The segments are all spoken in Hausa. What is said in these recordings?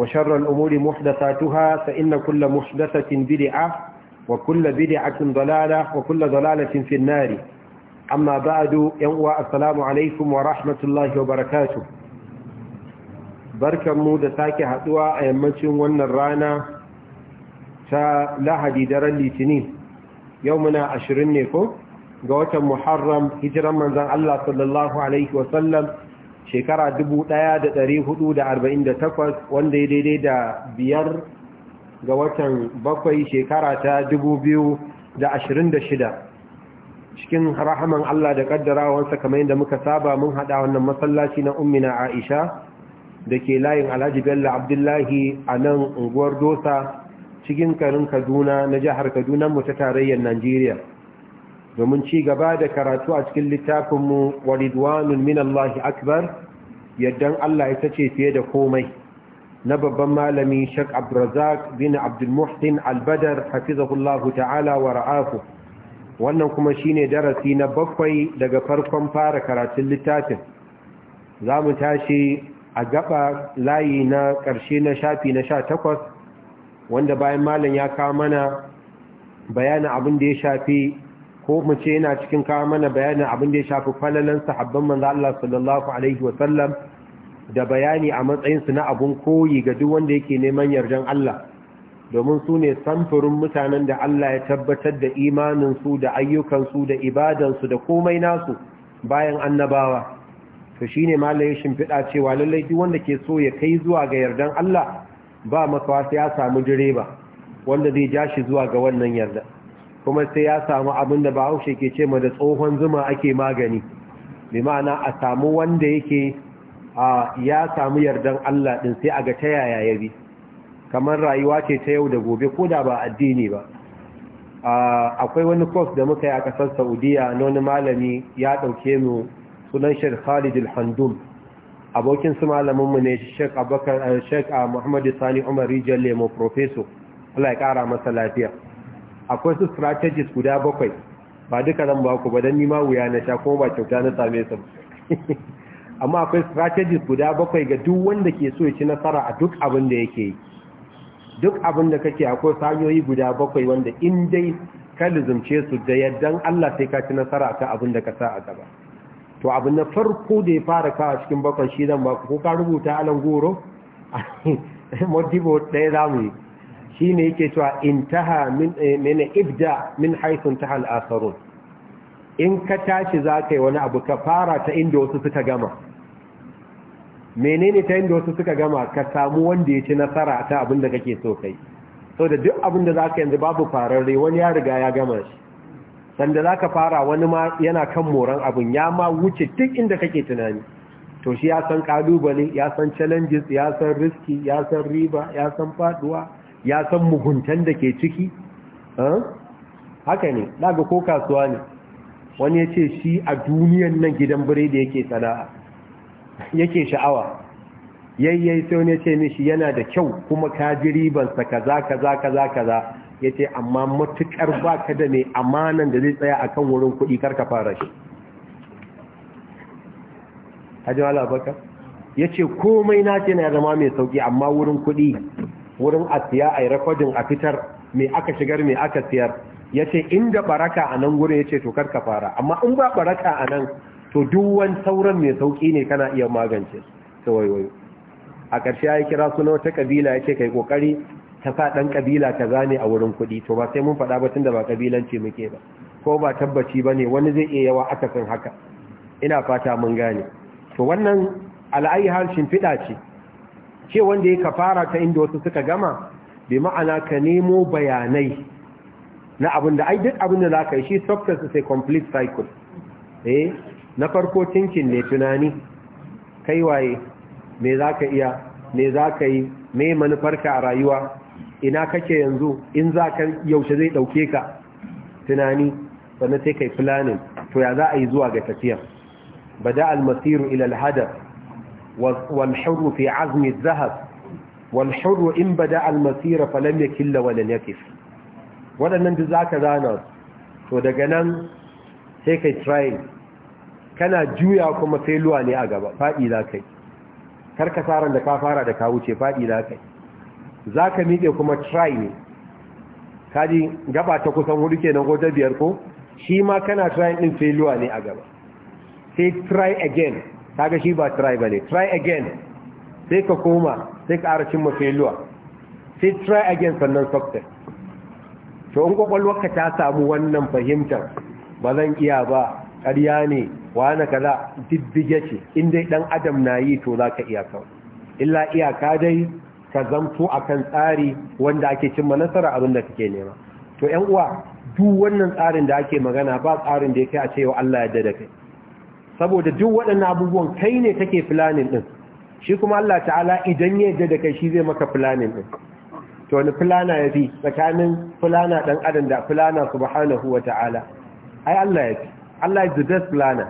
وشر الأمور محدثاتها فإن كل محدثة بدعة وكل بدعة ضلالة وكل ضلالة في النار أما بعد ينوى السلام عليكم ورحمة الله وبركاته بركة مودة ساكي حدوى أيمتي ون الرانا فلاحدي در الليتنين يومنا عشرين نيكو قوة محرم هجرا من ذا الله صلى الله عليه وسلم shekara dubu ɗaya da da da ɗari arba'in 1448 wanda ya daidai da biyar ga watan bakwai shekara ta da da ashirin shida, cikin rahaman Allah da kaddarawansa kamar yadda muka saba mun haɗa wannan masallaci na ummina Aisha da ke layin Alhaji Bello Abdullahi a nan unguwar Dosa cikin karin Kaduna na jihar Kaduna mu ta tarayyar Najeriya domin ci gaba da karatu a cikin littafinmu wa ridwanun min Allah akbar yaddan Allah ya sace fiye da komai na babban malami Sheikh Abdurrazzaq bin Abdul Muhsin Al-Badar hafizahullahu ta'ala wa ra'ahu wannan kuma shine darasi na bakwai daga farkon fara karatun littafin zamu tashi a gaba layi na ƙarshe na shafi na sha takwas wanda bayan malam ya kawo mana bayanin abin da ya shafi ko mu ce yana cikin kawo mana bayanin abin da ya shafi falalan sahabban manzo Allah sallallahu alaihi wa sallam da bayani a matsayin su na abun koyi ga duk wanda yake neman yardan Allah domin su ne samfurin mutanen da Allah ya tabbatar da imanin su da ayyukan su da ibadan su da komai nasu bayan annabawa to shine malai shimfiɗa cewa lallai duk wanda ke so ya kai zuwa ga yardan Allah ba makawa sai ya samu direba wanda zai ja zuwa ga wannan yardan kuma sai ya samu abin da bahaushe ke ce ma da tsohon zuma ake magani mai ma'ana a samu wanda yake ya samu yardan Allah ɗin sai a ga ta yaya ya bi kamar rayuwa ce ta yau da gobe ko da ba addini ba akwai wani course da muka yi a kasar Saudiya na wani malami ya ɗauke mu sunan Sheikh Khalid al abokin su malaminmu ne Sheikh Abubakar Sheikh muhammadu Sani Umar rijiyar Lemo professor Allah ya kara masa lafiya akwai su strategies guda bakwai ba duka zan ba ku ba don nima wuya na sha kuma ba kyauta na same su amma akwai strategies guda bakwai ga duk wanda ke so ya ci nasara a duk abin da yake yi duk abin da kake akwai sanyoyi guda bakwai wanda in dai ka lizumce su da yadda Allah sai ka ci nasara akan abin da ka sa a gaba to abin na farko da ya fara kawo cikin bakwai shi zan ba ku ko ka rubuta alan goro motivo ɗaya za mu yi Shi ne yake cewa intaha min eh, min ibda min haythu intaha al in ka tashi za ka yi wani abu ka fara ta inda wasu suka gama menene ta inda wasu suka gama ka samu wanda ya ci nasara ta abin da kake so kai so da duk abin da za ka yanzu babu fararre wani ya riga ya gama shi sanda za ka fara wani ma yana kan moran abin ya ma wuce duk inda kake tunani to shi ya san kalubale ya san challenges ya san riski ya san riba ya san faduwa ya san muguntan da ke ciki haka ne daga ko kasuwa ne wani ya ce shi a duniyan nan gidan biredi yake sana'a yake sha'awa yayyai sai wani ya ce mishi yana da kyau kuma ka ji ribansa kaza kaza kaza kaza ya ce amma matuƙar ba ka da mai amanan da zai tsaya akan wurin kuɗi karka fara shi hajji baka ya ce komai na ce na zama mai sauƙi amma wurin kuɗi wurin a siya a yi rakodin a fitar mai aka shigar mai aka siyar ya ce inda baraka a nan wurin ya ce to ka fara amma in ba baraka a nan to duwan sauran mai sauƙi ne kana iya magance ta waiwayo a ƙarshe ya kira suna wata ƙabila ya ce kai ƙoƙari ta sa ɗan ƙabila ka zane a wurin kuɗi to ba sai mun faɗa ba tun da ba ƙabilanci muke ba ko ba tabbaci ba ne wani zai iya yawa akasin haka ina fata mun gane to wannan al'ayi harshen fiɗa ce ce wanda ya kafara ta inda wasu suka gama bi ma'ana ka nemo bayanai na abin da ai duk abin za ka yi shi substance is a complete cycle eh na farko tinkin ne tunani kai waye me za ka iya me za ka yi me manufarka a rayuwa ina kake yanzu in za ka yaushe zai ɗauke ka tunani sannan sai kai planning to ya za a yi zuwa ga tafiya bada almasiru ila al-hadaf والحر في عزم الذهب والحر إن بدأ المسير فلم يكل ولن يكف waɗannan duk za ka zana to daga nan sai kai trying kana juya kuma failuwa ne a gaba faɗi za ka yi karkasaran da ka fara da ka wuce faɗi za ka yi za ka miƙe kuma try ne kaji gaba ta kusan hudu ke na biyar ko shi ma kana trying ɗin failuwa ne a gaba sai try again kaga shi ba try bane try again sai ka koma sai ka ara cimma mafeluwa sai try again sannan success to in ka ta samu wannan fahimtar ba zan iya ba ƙarya ne wani kaza diddige ce in dai dan adam na yi to za ka iya kawai illa iyaka dai ka zamto a kan tsari wanda ake cimma nasara abin da kake nema to ‘yan uwa duk wannan tsarin da ake magana ba tsarin da ya kai a cewa Allah ya da kai saboda duk waɗannan abubuwan kai ne take planning ɗin, shi kuma Allah ta'ala idan ya yadda da kai shi zai maka planning din to wani plana ya fi tsakanin plana dan adam da plana subhanahu wa ta'ala ai Allah ya fi Allah is the best planner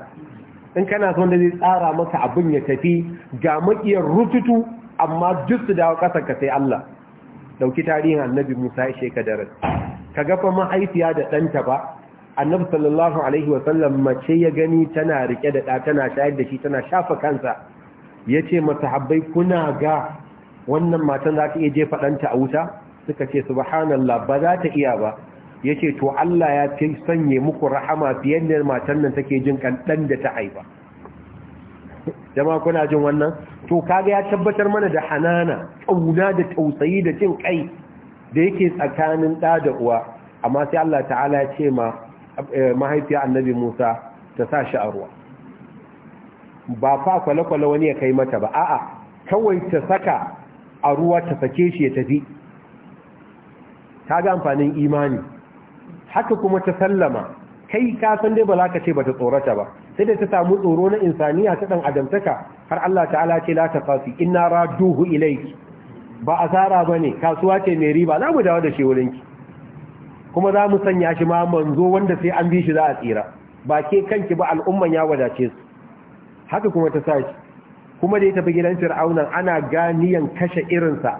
in kana so da zai tsara maka abin ya tafi ga makiyar rututu amma duk su dawo kasar ka sai Allah dauki tarihin annabi Musa ya sheka daren ka gafa mahaifiya da ɗanta ba annabi sallallahu alaihi wasallam mace ya gani tana rike da ɗa tana shayar da shi tana shafa kansa yace ce masahabbai kuna ga wannan matan za ta iya jefa ɗanta a wuta suka ce subhanallah ba za ta iya ba yace ce to Allah ya fi sanye muku rahama fiye da matan nan take jin ɗan da ta haifa jama kuna jin wannan to kaga ya tabbatar mana da hanana ƙauna da tausayi da jin kai da yake tsakanin ɗa da uwa amma sai Allah ta'ala ya ce ma Eh, mahaifiya annabi musa ta sa shi a ruwa ba fa kwale-kwale wani ya kai mata ba a'a kawai ta saka a ruwa ta sake shi ya tafi ta ga amfanin imani haka kuma ta sallama kai ka san dai ba za ka ce ba ta tsorata ba sai da ta samu tsoro na insaniya ta dan adamtaka har Allah ta'ala ce la taqasi inna raduhu ilayki ba asara bane kasuwa ce mai riba za mu dawo da shi wurinki kuma za mu sanya shi ma manzo wanda sai an bi shi za a tsira ba ke kanki ba al'umman ya wadace su haka kuma ta sashi kuma da ya tafi gidan fir'aunan ana ganiyan kashe irinsa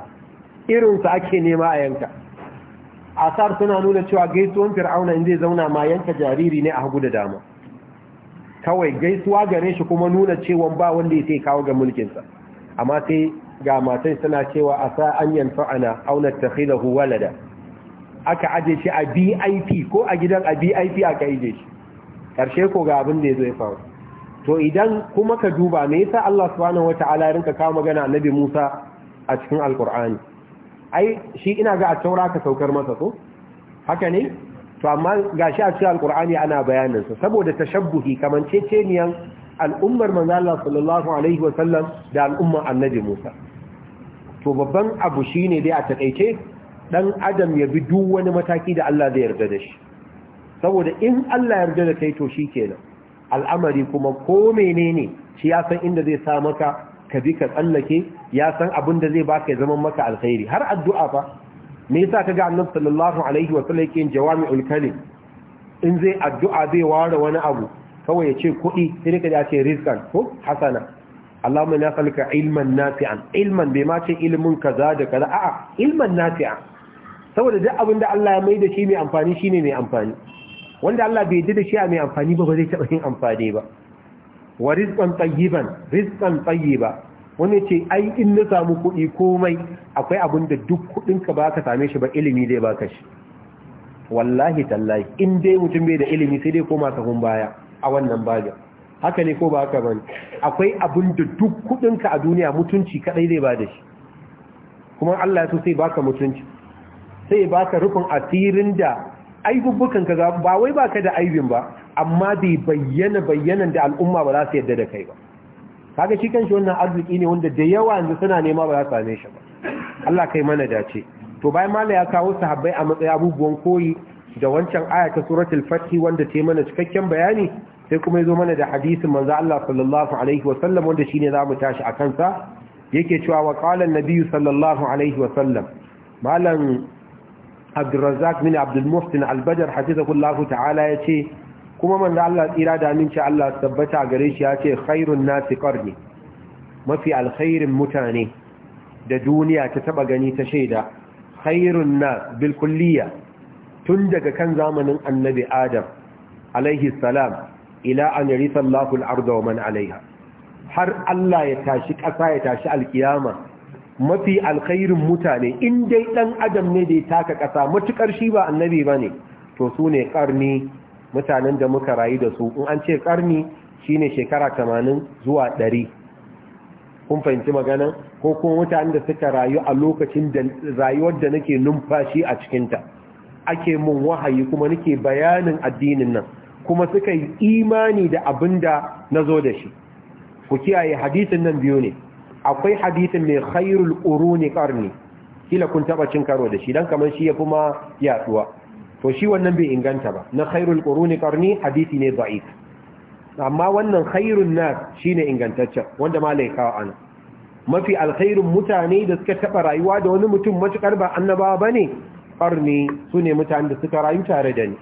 irinsa ake nema a yanka asar suna nuna cewa gaisuwan fir'aunan zai zauna ma yanka jariri ne a hagu da dama kawai gaisuwa gare shi kuma nuna cewa ba wanda ya sai kawo ga mulkinsa amma sai ga matan suna cewa asa an auna ta khidahu walada aka aje shi a BIP ko a gidan a BIP aka aje shi karshe ko ga abin da ya zo ya faru to idan kuma ka duba me yasa Allah subhanahu wataala ya rinka kawo magana annabi Musa a cikin alkur'ani ai shi ina ga a taura ka saukar masa ko haka ne to amma shi a cikin alkur'ani ana bayanin sa saboda tashabbuhi ceceniyan al'ummar manzo Allah sallallahu alaihi Sallam da al'ummar annabi Musa to babban abu shi ne dai a taƙaice? dan adam ya bi duk wani mataki da Allah zai yarda da shi saboda in Allah ya yarda da kai to shikenan al'amari kuma ko menene shi ya san inda zai sa maka ka bi ka tsallake ya san abin da zai baka ya zama maka alkhairi har addu'a fa me yasa kaga annabi sallallahu alaihi wa sallam yake jawami'ul kalim in zai addu'a zai ware wani abu kawai ya ce kuɗi sai ka ya ce rizqan ko hasana Allahumma na ilman nafi'an ilman bai ma ce ilmin kaza da kaza a'a ilman nafi'an saboda duk abin da Allah ya mai da shi mai amfani shine mai amfani wanda Allah bai yi da shi a mai amfani ba ba zai taɓa yin amfani ba wa rizqan tayyiban rizqan tayyiba wani ce ai in na samu kuɗi komai akwai abin da duk kuɗin ka ba ka same shi ba ilimi zai baka shi wallahi tallahi in dai mutum bai da ilimi sai dai koma sahun baya a wannan bajin haka ne ko ba haka bane akwai abin da duk kuɗin ka a duniya mutunci kadai zai ba da shi kuma Allah ya so sai baka mutunci sai baka rufin asirin da aibubukan ka ba wai baka da aibin ba amma bai bayyana bayyanan da al'umma ba za su yadda da kai ba kaga shi kanshi wannan arziki ne wanda da yawa yanzu suna nema ba za su same shi ba Allah kai mana dace to bayan mala ya kawo sahabbai a matsayin abubuwan koyi da wancan aya ta suratul fathi wanda ta mana cikakken bayani sai kuma yazo mana da hadisin manzo Allah sallallahu alaihi wa sallam wanda shine zamu tashi a kansa yake cewa wa qala an-nabiy sallallahu alaihi wa sallam malam abdurrazzak min abdulmuhsin albadar hafizahullahu ta'ala yace, kuma manzo Allah tsira da aminci Allah tabbata gare shi ya ce khairun nasi qarni mafi alkhairin mutane da duniya ta taɓa gani ta shaida khairun na bil tun daga kan zamanin annabi adam alaihi salam ila an yarisa Allahu al-arda wa alaiha har Allah ya tashi ƙasa ya tashi alkiyama mafi alkhairin mutane in dai dan adam ne da ya taka ƙasa, matukar shi ba annabi ba ne. to su ne karni mutanen da muka rayu da su in an ce karni ne shekara 80 zuwa 100 kun fahimci magana ko kuma mutanen da suka rayu a lokacin da rayuwar da nake numfashi a cikinta ake mun wahayi kuma nake bayanin addinin nan kuma suka yi imani da abinda zo da shi ku kiyaye hadisin nan biyu ne akwai hadisin mai khairul uruni karni kila kun taba cin karo da shi dan kamar shi ya ma yaduwa to shi wannan bai inganta ba na khairul uruni karni hadisi ne da'if amma wannan khairun nas shine ingantaccen wanda malaika kawo ana mafi alkhairun mutane da suka taba rayuwa da wani mutum matukar ba annabawa bane karni sune mutane da suka rayu tare da ni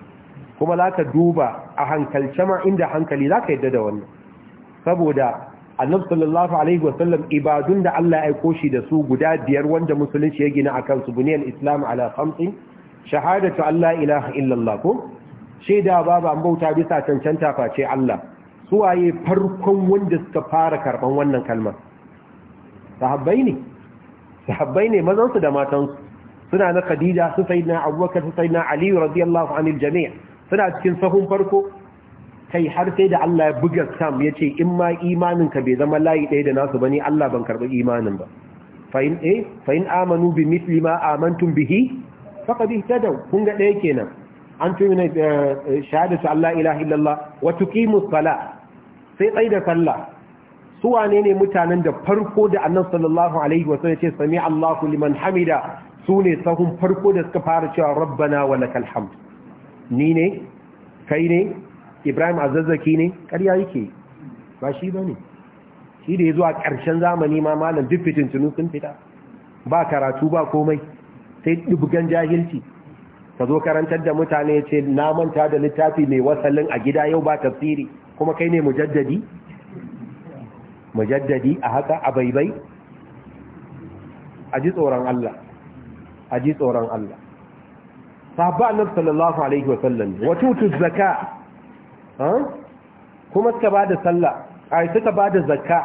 kuma zaka duba a hankalce ma inda hankali zaka yadda da wannan saboda annabi sallallahu alaihi sallam ibadun da Allah ya aiko shi da su guda biyar wanda musulunci ya gina akan su buniyal islam ala khamsin shahadatu alla ilaha illallah ko shaida Baba an bauta bisa cancanta face Allah suwaye farkon wanda suka fara karban wannan kalmar sahabbai ne sahabbai ne mazan su da matan su suna na Khadija su sayyidina Abubakar su sayyidina Ali radiyallahu anil jami' suna cikin sahun farko kai har sai da Allah ya buga sam ya ce in ma imaninka bai zama layi ɗaya da nasu ba ne Allah ban karɓi imanin ba fa'in eh fa'in amanu bi misli ma amantum bihi faqad ihtadaw kun ga ɗaya kenan an tuni ne eh, eh, shahadatu Allah ilaha illallah wa tuqimus sala sai tsai da sallah su wane ne mutanen da farko da annabi sallallahu alaihi wa ya ce sami Allahu liman hamida su ne sahun farko da suka fara cewa rabbana wa lakal hamd ni ne kai ne ibrahim azazzaki ne ƙarya yake ba shi ba ne shi da ya zuwa ƙarshen zamani ma malam duk fitintunu sun fita ba karatu ba komai sai ɗubgan jahilci ka zo karantar da mutane ce na manta da littafi mai wasalin a gida yau ba tafsiri kuma kai ne mujaddadi mujaddadi a haka a baibai a ji tsoron Allah a ji tsoron Allah sahabba annabi sallallahu alaihi wasallam wa tutu zakat kuma suka ba da sallah a suka ba da zakka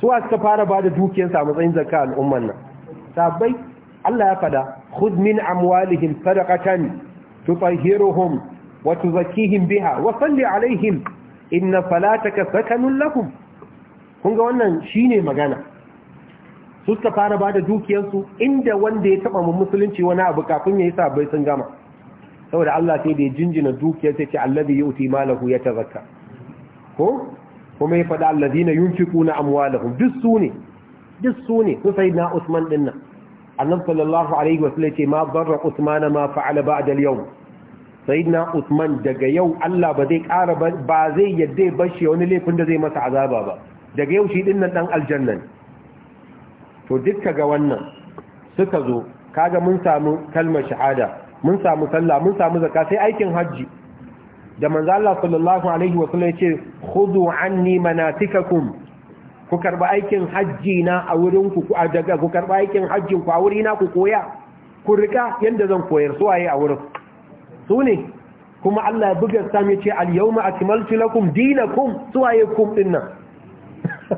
su suka fara ba da dukiyarsa a matsayin zakka al'umman nan sabai Allah ya fada khudh min amwalihim sadaqatan tutahhiruhum wa tuzakkihim biha wa salli alaihim inna salataka sakanun lahum kun ga wannan ne magana su suka fara ba da dukiyarsu inda wanda ya taba musulunci wani abu kafin ya yi sabai sun gama saboda Allah sai da ya jinjina dukiyar sai ce allazi uti malahu yatazakka ko kuma ya faɗa allazina kuna amwalahum duk su ne duk su ne su sayyidina Usman din nan annan sallallahu alaihi wasallam ce ma barra Usman ma fa'ala dal yau. sai sayyidina Usman daga yau Allah ba zai ƙara ba zai yadda ya bashi wani laifin da zai masa azaba ba daga yau shi din nan ɗan to dukka ga wannan suka zo kaga mun samu kalmar shahada mun samu sallah mun samu zakka sai aikin hajji da manzo Allah sallallahu alaihi wa sallam yace khudhu anni manatikakum ku karba aikin hajji na a wurin ku a daga ku karba aikin hajjin ku a wuri na ku koya ku rika yanda zan koyar su waye a wurin su ne kuma Allah ya buga sam yace al yawma akmaltu lakum dinakum su waye kum dinnan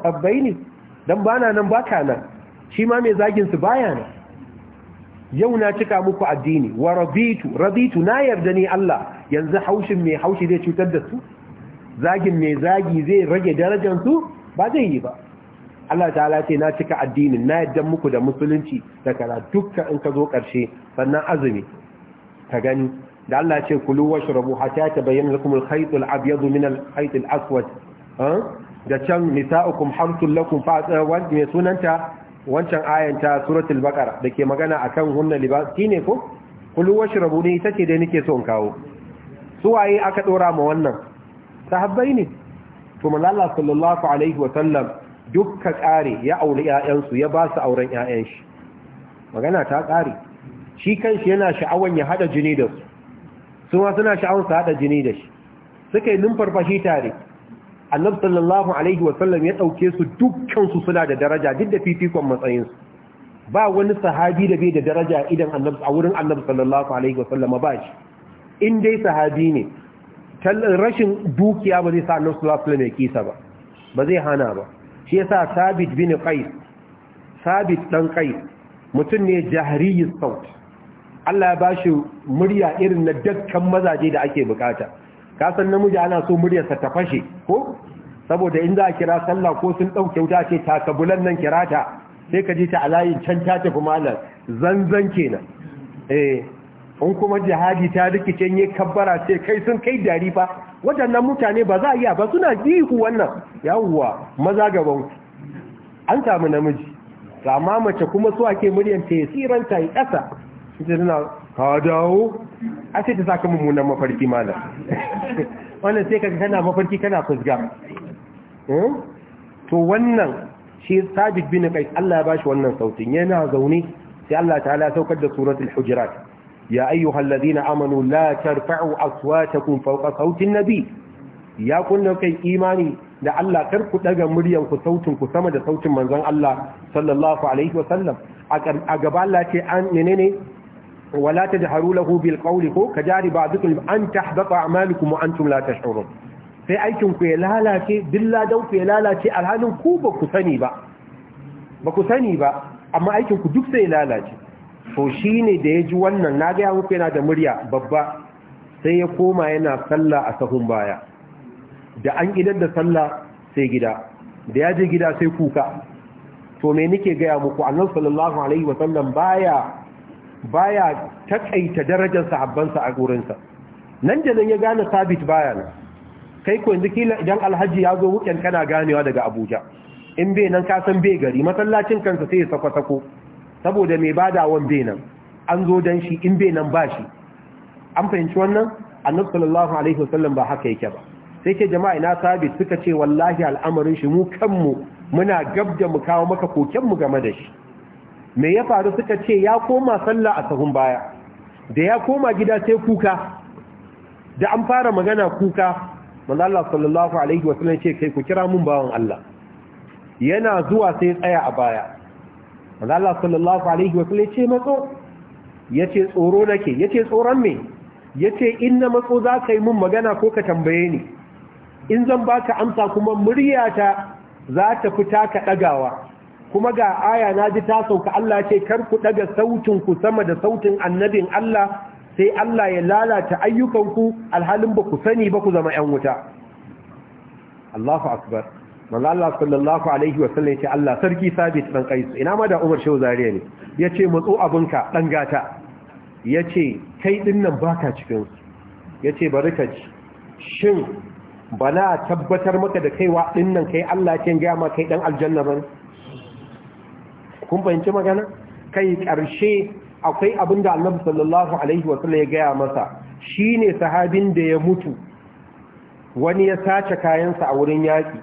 abaini dan bana nan baka nan shi ma mai zagin su baya nan yau na cika muku addini wa rabitu na yarda ni Allah yanzu haushin mai haushi zai cutar da su zagin mai zagi zai rage darajar su ba zai yi ba Allah ta'ala ce na cika addinin na yarda muku da musulunci da kara dukkan in ka zo karshe sannan azumi ka gani da Allah ce kulu washrabu hatta tabayyana lakum al-khayt al-abyad min al-khayt al-aswad da can nisa'ukum harthul lakum fa eh, sunanta wancan ayan ta suratul baqara dake magana akan hunna libas shine ko kullu washrabuni ne ita ce dai nake so in kawo su waye aka dora ma wannan sahabbai ne to manzo sallallahu alaihi wa sallam dukka kare ya aure 'ya'yansu su ya ba su auren ayan shi magana ta kare shi kanshi yana sha'awan ya hada jini da su su ma suna sha'awan su hada jini da shi suka yi numfarfashi tare annab sallallahu alaihi wasallam ya ɗauke su dukkansu suna da daraja duk da fifikon matsayinsu ba wani sahabi da bai da daraja idan a wurin annab sallallahu alaihi wasallam ba shi in dai sahabi ne rashin dukiya ba zai sa annab sallallahu alaihi wasallam ya kisa ba ba zai hana ba shi yasa sabit bin qais sabit dan qais mutum ne jahriyi saut Allah ya bashi murya irin na dakkan mazaje da ake bukata kasan namiji ana so muryarsa ta fashe ko saboda in za a kira sallah ko sun ɗauke wuta ce takabulan nan kirata sai ka je ta alayin can ta tafi malar zanzan kenan eh in kuma jihadi ta rikice yi kabbara ce kai sun kai dari fa waɗannan mutane ba za a iya ba suna jihu wannan yawwa maza gaban an samu namiji amma mace kuma so ake muryar tesiranta ya ƙasa ka dawo a sai ta saka mummunan mafarki mana. wannan sai ka kana mafarki kana fusga hmm? to wannan shi Sajid bin Qais Allah ya bashi wannan sautin yana zaune sai Allah ta'ala saukar da suratul hujurat ya ayyuhalladhina amanu la tarfa'u aswatakum fawqa sautin nabi ya kunna kai imani da Allah kar ku daga muryan ku sautin ku sama da sautin manzon Allah sallallahu alaihi wasallam a gaba Allah ce an menene wala tajharu lahu bil qawli ko kajari ba'dukum an tahbata a'malukum wa antum la tash'urun sai aikinku ya lalace billa dan ku ya lalace alhalin ku ba ku sani ba ba ku amma aikin duk sai ya lalace to shi ne da ya ji wannan na gaya muku yana da murya babba sai ya koma yana sallah a sahun baya da an gidan da sallah sai gida da ya je gida sai kuka to me nake gaya muku annabi sallallahu alaihi wasallam baya baya takaita darajar sahabbansa a gurinsa nan da nan ya gane sabit baya nan kai ko yanzu kila idan alhaji ya zo wuken kana ganewa daga abuja in bai nan kasan bai gari masallacin kansa sai ya sako-sako saboda mai badawan bai nan an zo dan shi in bai nan ba shi an fahimci wannan annabi sallallahu alaihi wasallam ba haka yake ba sai ke jama'a ina sabit suka ce wallahi al'amarin shi mu kanmu muna gab da mu kawo maka mu game da shi me ya faru suka ce ya koma sallah a sahun baya da ya koma gida sai kuka da an fara magana kuka manzo Allah sallallahu alaihi wasallam ce kai ku kira mun bawan Allah yana zuwa sai tsaya a baya manzo Allah sallallahu alaihi wasallam ce matso yace tsoro nake yace tsoron me yace in na matso za ka yi mun magana ko ka tambaye ni in zan baka amsa kuma muryata za ta fita ka dagawa kuma ga aya na ji ta sauka Allah ce kar ku daga sautin ku sama da sautin annabin Allah sai Allah ya lalata ayyukanku alhalin ba ku sani ba ku zama ‘yan wuta. Allahu Akbar, manzo Allah sallallahu Alaihi wasallam ya ce Allah sarki sabit ɗan ƙaisu, ina ma da Umar Shehu Zariya ne, ya ce matso abinka ɗan gata, ya ce kai ɗin nan ba ka cikinsu, ya ce bari ka ci, shin bana tabbatar maka da kaiwa ɗin nan kai Allah ya ce gama kai ɗan aljanna ba kun fahimci magana kai ƙarshe akwai abin da annabi sallallahu alaihi wasallam ya gaya masa shine sahabin da ya mutu wani ya sace kayansa a wurin yaƙi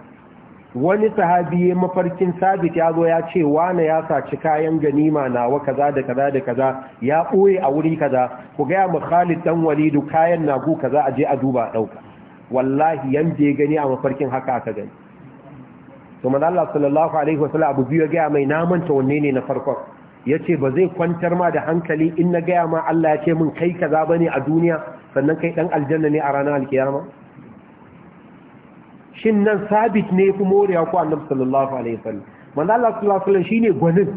wani sahabi ya mafarkin sabit ya zo ya ce wane ya sace kayan ganima nawa kaza da kaza da kaza ya ɓoye a wuri kaza ku gaya ma khalid dan walidu kayan nagu kaza a je a duba ɗauka wallahi yan je gani a mafarkin haka aka gani to manzo Allah sallallahu alaihi wasallam abu ya ga mai naman ta wanne ne na farko yace ba zai kwantar ma da hankali in na gaya ma Allah yace min kai kaza bane a duniya sannan kai dan aljanna ne a ranar alkiyama shin nan sabit ne fi moriya ko annabi sallallahu alaihi wasallam manzo Allah sallallahu alaihi wasallam shine gwanin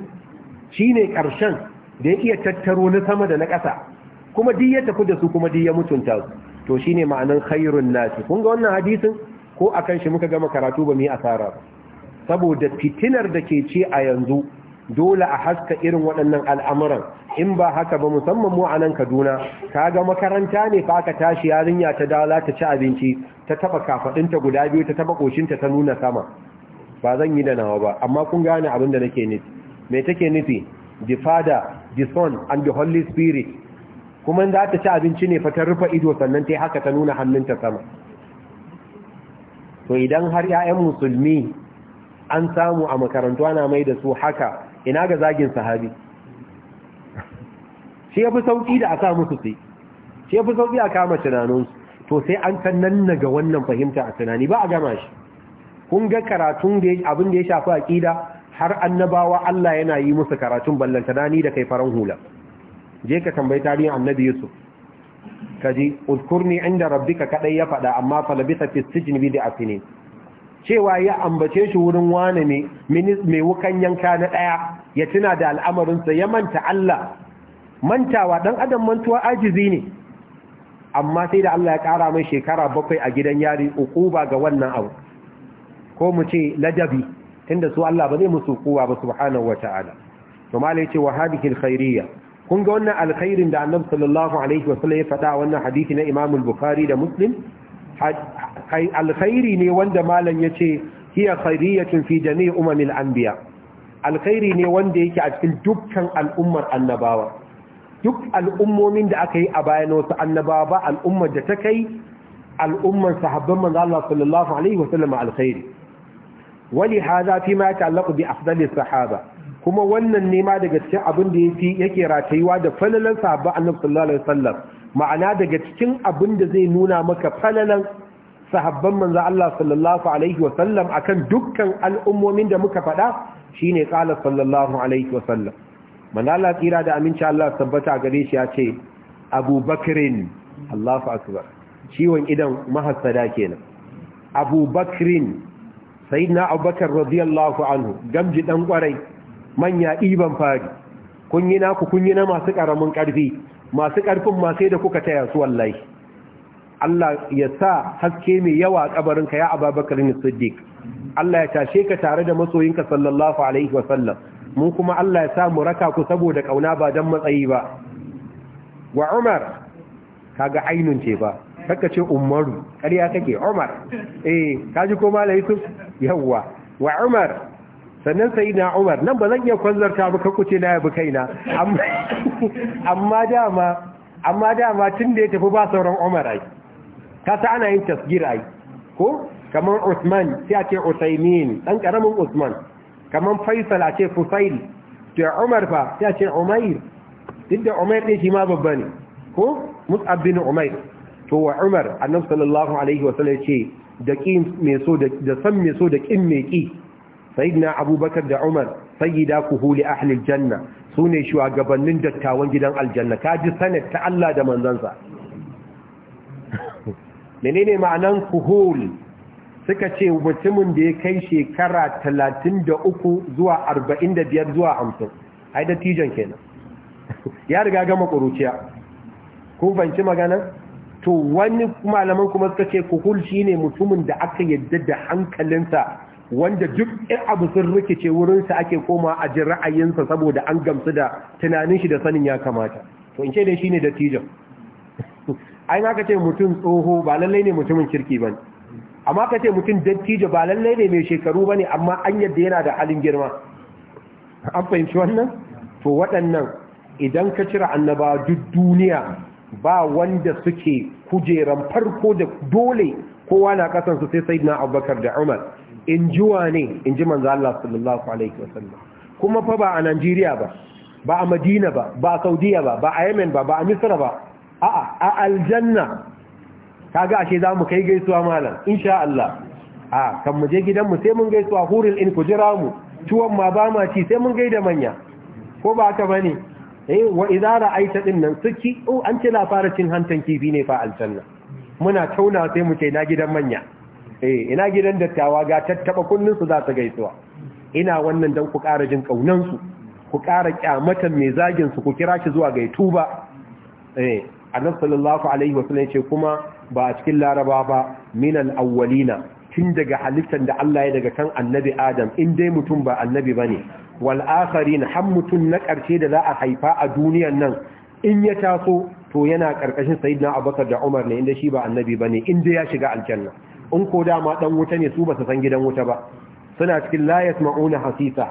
shine karshen da yake tattaro na sama da na ƙasa kuma duk ya tafi da su kuma duk ya mutunta su to shine ma'anan khairun nasi kun ga wannan hadisin ko akan shi muka gama karatu ba mu yi asara ba saboda fitinar da ke ce a yanzu dole a haska irin waɗannan al'amuran in ba haka ba musamman mu a nan kaduna ka ga makaranta ne fa aka tashi yarinya ta dawo ta ci abinci ta taba kafaɗinta guda biyu ta taba ƙoshinta ta nuna sama ba zan yi da nawa ba amma kun gane abin da nake nufi me take nufi the father the son and the holy spirit kuma za ta ci abinci ne fa ta rufe ido sannan ta haka ta nuna hannunta sama to idan har 'ya'yan musulmi an samu a makarantu ana mai da su haka ina ga zagin sahabi shi ya fi sauƙi da a sa musu sai shi ya fi sauƙi a kama tunaninsu to sai an ta na ga wannan fahimta a tunani ba a gama shi kun ga karatun abin da ya shafi aƙida har annabawa Allah yana yi musu karatun ballantana tunani da kai faran hula je ka tambayi tarihin annabi yusuf kaji uzkurni inda rabbika kadai ya faɗa amma falabisa fi sijni bi da asinin cewa ya ambace shi wurin wane ne mai wukan yanka na ɗaya ya tuna da al'amarinsa ya manta Allah mantawa dan adam mantuwa ajizi ne amma sai da Allah ya ƙara mai shekara bakwai a gidan yari uku ba ga wannan abu ko mu ce ladabi tunda su Allah ba zai musu kuwa ba subhanahu wata'ala to malai ce wa hadikin khairiyya kun ga wannan alkhairin da annabi sallallahu alaihi wasallam ya faɗa wannan hadisi na imamul bukhari da Muslim alkhairi ne wanda malam ya ce hiya khairiyatun fi jami'i umamil anbiya alkhairi ne wanda yake a cikin dukkan al'ummar annabawa duk al'ummomin da aka yi a bayan wasu annabawa ba al'ummar da ta kai al'ummar sahabban manzo Allah sallallahu alaihi sallam alkhairi wali hada fi ma ta'allaqu bi afdali sahaba kuma wannan ne ma daga cikin abin da yake yake ratayuwa da falalan sahabban annabi sallallahu alaihi sallam ma'ana daga cikin abin da zai nuna maka falalan sahabban manza Allah sallallahu alaihi wa dukkan al'ummomin da muka faɗa shine ƙala sallallahu alaihi wa sallam tsira da aminci Allah tabbata gare shi ya ce Abu Bakrin ciwon idan mahassada kenan Abu Bakrin sayyidina Abubakar radiyallahu anhu gamji dan kwarai manya iban fari kun yi naku kun yi na masu karamin ƙarfi. masu ƙarfin masu sai da kuka taya su wallahi Allah ya sa haske mai yawa a ƙabarinka ya Abubakar Siddiq Allah ya tashe ka tare da masoyinka sallallahu alaihi wa sallam mu kuma Allah ya sa mu raka ku saboda kauna ba dan matsayi ba wa Umar kaga ainun ce ba kaka ce Umaru ƙarya kake Umar eh kaji ko malai Yusuf yawa wa Umar sannan sai na umar nan ba zan iya kwanzarta ba ce na yabi kaina amma dama amma dama tun da ya tafi ba sauran umar ai kasa ana yin tasgir ai ko kamar usman sai a ce usaimin dan karamin usman kamar faisal a ce fusail to umar fa sai a ce umair duk da umair ne shi ma babba ne ko mus'ab bin umair to wa umar annabi sallallahu alaihi wasallam ce da kin me so da san me so da kin me ki sayyidina abubakar da umar sayyida kuhuli ahlil janna su shugabannin dattawan gidan aljanna ka ji sanad ta Allah da manzansa menene ma'anan kuhul suka ce mutumin da ya kai shekara 33 zuwa 45 zuwa 50 ai da tijan kenan ya riga gama kuruciya kun fanci magana to wani malaman kuma suka ce kuhul shine mutumin da aka yadda da hankalinsa wanda duk ɗin abu sun rikice wurinsa ake koma a jin ra'ayinsa saboda an gamsu da tunanin shi da sanin ya kamata to in ce shi ne da ai na ce mutum tsoho ba lallai ne mutumin kirki ba amma ka ce mutum dattijo ba lallai ne mai shekaru ba ne amma an yadda yana da halin girma an fahimci wannan to waɗannan idan ka cire annaba duk duniya ba wanda suke kujeran farko da dole kowa na kasansu sai na abubakar da umar in ji ne in ji manzo Allah sallallahu alaihi wasallam kuma fa ba a Najeriya ba ba a Madina ba ba a Saudiya ba ba a Yemen ba ba a Misra ba a'a a aljanna kaga ashe zamu kai gaisuwa malam insha Allah a kan mu je gidan mu sai mun gaisuwa huril in kujira mu tuwon ma ba ma ci sai mun gaida manya ko ba ka bane eh wa idza ra'aita din nan suki oh an ce fara cin hantan kifi ne fa aljanna muna tauna sai mu ce na gidan manya eh ina gidan dattawa ga tattaba kullun su za su gaisuwa ina wannan dan ku ƙara jin kaunan su ku ƙara kyamatan mai zagin su ku kira shi zuwa ga tuba eh annabi sallallahu alaihi wasallam yace kuma ba a cikin laraba ba minal awwalina tun daga halittar da Allah ya daga kan annabi Adam in dai mutum ba annabi bane wal akharin har mutum na karshe da za a haifa a duniyan nan in ya taso to yana ƙarƙashin sayyidina Abubakar da Umar ne inda shi ba annabi bane inda ya shiga aljanna in ko dama dan wuta ne su ba su san gidan wuta ba suna cikin la yasma'una hasisa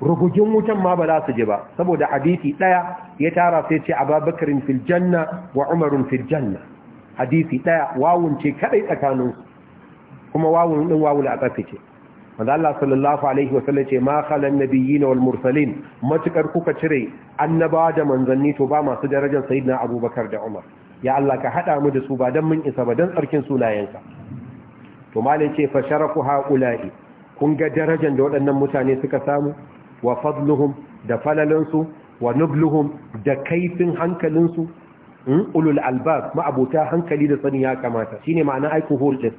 rugugin wutan ma ba za su ji ba saboda hadisi daya ya tara sai ce ababakarin fil janna wa umarun fil janna hadisi daya wawun ce kadai tsakanin kuma wawun din wawul a tsafi ce wanda Allah sallallahu alaihi wasallam ce ma khalan nabiyyin wal mursalin matukar kuka cire annabawa da manzanni to ba masu darajar sayyidina abubakar da umar ya Allah ka hada mu da su ba dan mun isa ba dan tsarkin sunayenka to malin ce fa sharaku haula'i kun ga darajar da waɗannan mutane suka samu wa fadluhum da falalansu wa nubluhum da kaifin hankalinsu In hmm? ulul albab ma'abuta hankali da sani ya kamata shine ma'ana aiku hol din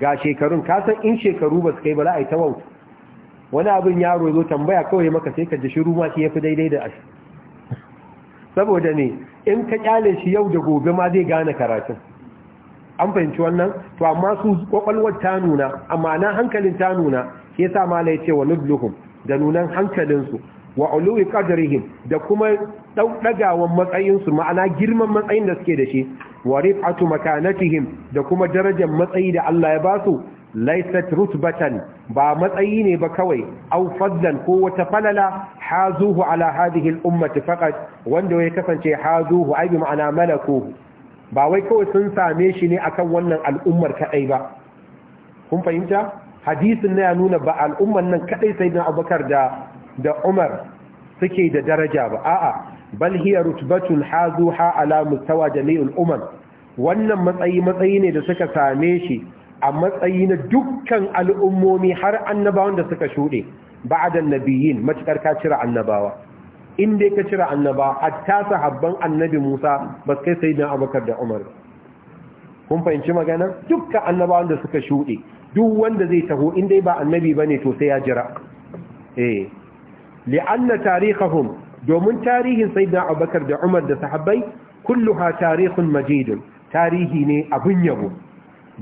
ga shekarun ka san in shekaru ba su kai ba za a yi tawau wani abin yaro zo tambaya kawai maka sai ka ji shiru ma shi yafi daidai da ashi saboda ne in ka kyale shi yau da gobe ma zai gane karatun an fahimci wannan to amma su kwakwalwar ta nuna amma na hankalin ta nuna Ke sa ma yace wa nubluhum da nunan hankalin su wa ulwi kadarihim da kuma daudagawan matsayin su ma'ana girman matsayin da suke da shi wa rifatu makanatihim da kuma darajar matsayi da Allah ya basu laysat rutbatan ba matsayi ne ba kawai au fadlan ko wata falala hazuhu ala hadhihi al-ummati faqat wanda ya kasance hazuhu ai bi ma'ana malakuhu ba wai kawai sun same shi ne akan wannan al'ummar kadai ba kun fahimta hadisin na ya nuna ba al'ummar nan kadai sai na abubakar da da umar suke da daraja ba a'a bal hiya rutbatun ha ala mustawa jami'ul umam wannan matsayi matsayi ne da suka same shi a matsayi na dukkan al'ummomi har annabawan da suka shuɗe ba'adan nabiyyin matukar ka cire annabawa in dai ka cire annaba hatta sahabban annabi Musa ba kai sai dan Abubakar da Umar kun fahimci magana dukkan annabawan da suka shuɗe duk wanda zai taho in dai ba annabi bane to sai ya jira eh li'anna tarihahum domin tarihin sayyidina Abubakar da Umar da sahabbai kulluha tarihun majidun tarihi ne abun yabo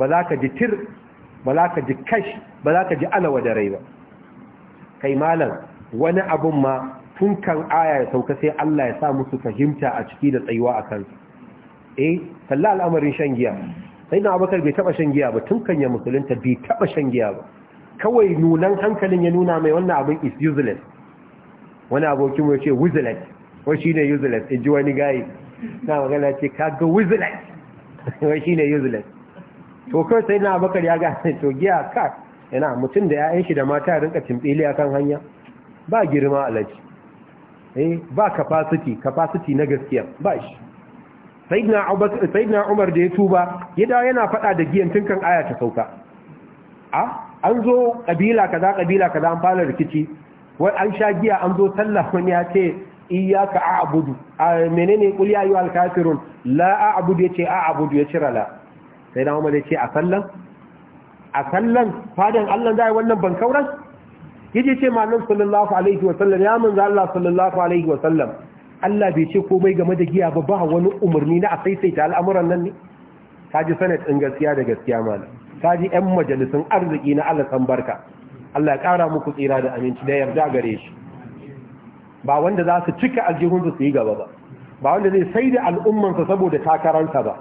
ba za ka ji tir ba za ka ji kash ba za ka ji alawa da rai ba kai malam wani abun ma tun kan aya ya sauka sai Allah ya sa musu fahimta a ciki da tsayuwa a kansu eh salla al'amarin shan giya sai na abakar bai taba shan giya ba tun kan ya musulunta bai taba shan giya ba kawai nunan hankalin ya nuna mai wannan abin is useless wani abokin ya ce useless wai shine useless in ji wani gayi na magana ce kaga useless wai shine useless to kai sai na abakar ya ga to giya ka yana mutum da ya'yan shi da mata rinka timbili akan hanya ba girma alaji Eh, ba capacity capacity na gaskiya ba shi sayyidina Umar da ya tuba ya dawo yana fada da giyan tunkan aya ta sauka a an zo kabila kaza kabila kaza an fara rikici wai an sha giya an zo sallah wani ya ce iyyaka a'budu menene qul ya ayyuhal kafirun la a'budu yace a'budu ya cira la sayyidina Umar ya ce a sallan a sallan fadan Allah zai wannan bankauran yaje ce ma sallallahu alaihi wa sallam ya manzo Allah sallallahu alaihi wa sallam Allah bai ce komai game da giya ba ba wani umarni na a saisaita al'amuran nan ne kaji sanad din gaskiya da gaskiya malam kaji ɗan majalisun arziki na Allah san barka Allah ya ƙara muku tsira da aminci da yarda gare shi ba wanda za su cika aljihunsu su yi gaba ba ba wanda zai sai da al'ummansa saboda takaranta ba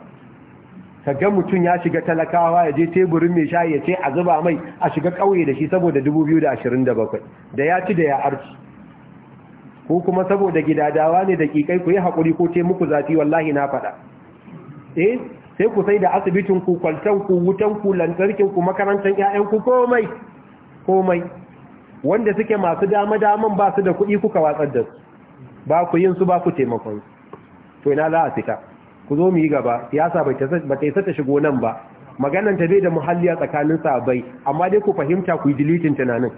ka ga mutum ya shiga talakawa ya je teburin mai shayi ya ce a zuba mai a shiga ƙauye da shi saboda 2027 da ya ci da ya arci ko kuma saboda gidadawa ne da kikai ku yi haƙuri ko ce muku zafi wallahi na faɗa eh sai ku sai da asibitin ku kwaltan ku wutan ku lantarkin ku makarantar ƴaƴan ku komai komai wanda suke masu dama daman ba su da kuɗi kuka watsar da su ba ku yin su ba ku taimakon to ina za a fita ku zo mu yi gaba siyasa ba ta isa ta shigo nan ba maganan ta bai da muhalli a tsakanin sabai amma dai ku fahimta ku yi dilitin tunanin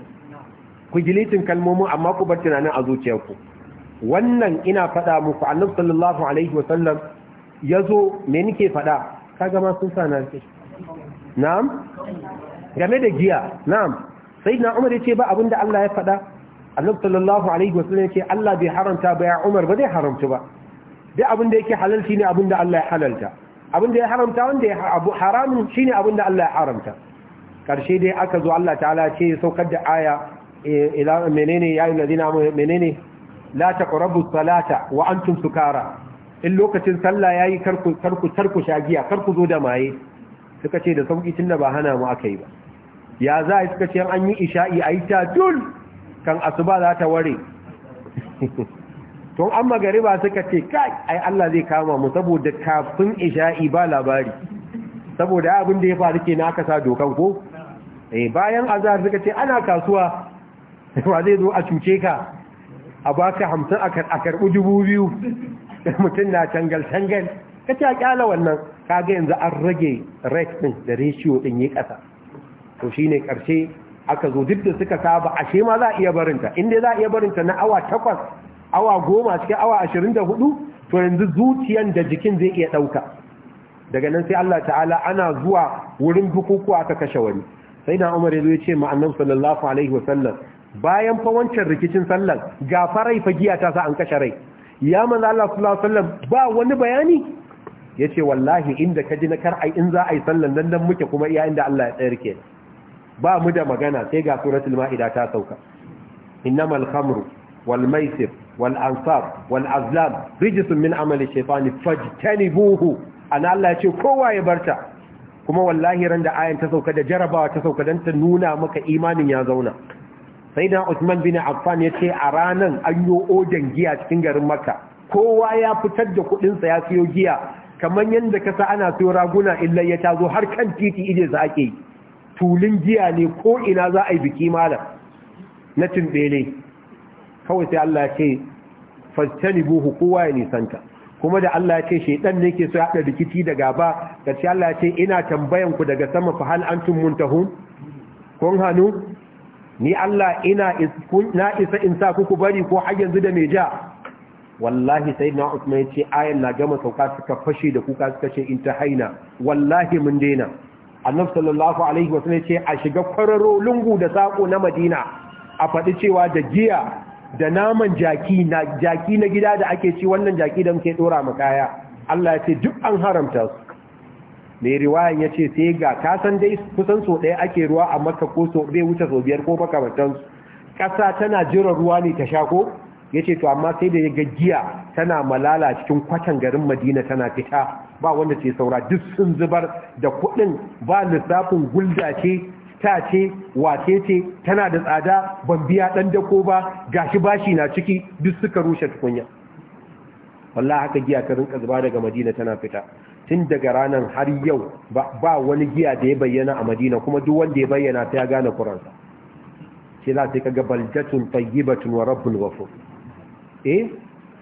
ku dilitin kalmomin amma ku bar tunanin a zuciyarku wannan ina faɗa muku annabi sallallahu alaihi wasallam yazo me nake faɗa kaga ma sun sa nan na'am game da giya na'am sayyidina umar yace ba abinda Allah ya faɗa annabi sallallahu alaihi wasallam yace Allah bai haramta ba ya umar ba zai haramta ba duk abin da yake halal shine abin da Allah ya halalta abin da ya haramta wanda ya haramun shine abin da Allah ya haramta karshe dai aka zo Allah ta'ala ce saukar da aya eh, ila menene ya yi ladina menene la taqrabu salata wa antum sukara in lokacin sallah yayi karku karku tarku shagiya karku zo da maye suka ce da sauki tunda ba hana mu akai ba ya za a suka ce an yi isha'i ayi ta dul kan asuba za ta ware tun an magariba suka ce kai ai Allah zai kama mu saboda kafin isha'i ba labari saboda abin da ya faru ke na kasa sa dokan ko eh bayan azar suka ce ana kasuwa wa zai zo a cuce ka a baka hamsin a karɓi dubu biyu mutum na tangal tangal ka ce a kyala wannan kaga yanzu an rage rate ɗin da ratio ɗin yi ƙasa to shine ƙarshe aka zo duk da suka saba ashe ma za a iya barinta inda za a iya barinta na awa takwas awa goma cikin awa ashirin da hudu to yanzu zuciyan da jikin zai iya ɗauka daga nan sai Allah ta'ala ana zuwa wurin bukukuwa aka kashe wani sai na umar ya ce ma sallallahu alaihi wasallam bayan fa wancan rikicin sallan ga farai fa giya ta sa an kashe rai ya manzo Allah sallallahu alaihi wasallam ba wani bayani yace wallahi inda ka ji na kar ai in za a yi sallan nan nan muke kuma iya inda Allah ya tsayar ke ba mu da magana sai ga suratul maida ta sauka innamal khamru wal maisir wal ansab wal azlam rijsun min amali shaytani fajtanibuhu ana Allah ya ce kowa ya barta kuma wallahi ran da ayan ta sauka da jarrabawa ta sauka dan ta nuna maka imanin ya zauna sai da Usman bin Afan ya ce a ranan an yo odan giya cikin garin Makka kowa ya fitar da kuɗinsa ya siyo giya kamar yadda kasa ana siyo raguna illa ta zo har kan titi ije za yi, tulin giya ne ko ina za a yi biki malam na tumbele kawai sai Allah ya ce fastanibuhu kowa ya nisanta kuma da Allah ya ce shedan ne yake so ya hada rikici da gaba kace Allah ya ce ina tambayan ku daga sama fa hal antum muntahun kun hanu ni Allah ina na isa in sa kuku bari ko har yanzu da me ja wallahi sayyidina Usman ya ce ayan na gama sauka suka fashe da kuka suka ce in ta haina wallahi mun daina annabi sallallahu alaihi wasallam ya ce a shiga kwararo lungu da sako na Madina a faɗi cewa da jiya da naman jaki na jaki na gida da ake ci wannan jaki da muke dora mu kaya Allah ya ce duk an haramta su mai riwayan yace sai ga kasan dai kusan so ɗaya ake ruwa a Makka ko so bai wuce so biyar ko su kasa tana jiran ruwa ne ta sha ko ya ce to amma sai da ya gajiya tana malala cikin kwatan garin madina tana fita ba wanda ce saura duk sun zubar da kuɗin ba lissafin gulda ce ta ce wace ce tana da tsada ban biya dan dako ba gashi bashi na ciki duk suka rushe tukunya wallahi haka giya ta rinka zuba daga madina tana fita tun daga ranar har yau ba wani giya da ya bayyana a madina kuma duk wanda ya bayyana ta ya gane kuransa sai za ta kaga baldatun tayyibatun wa rabbul ghafur eh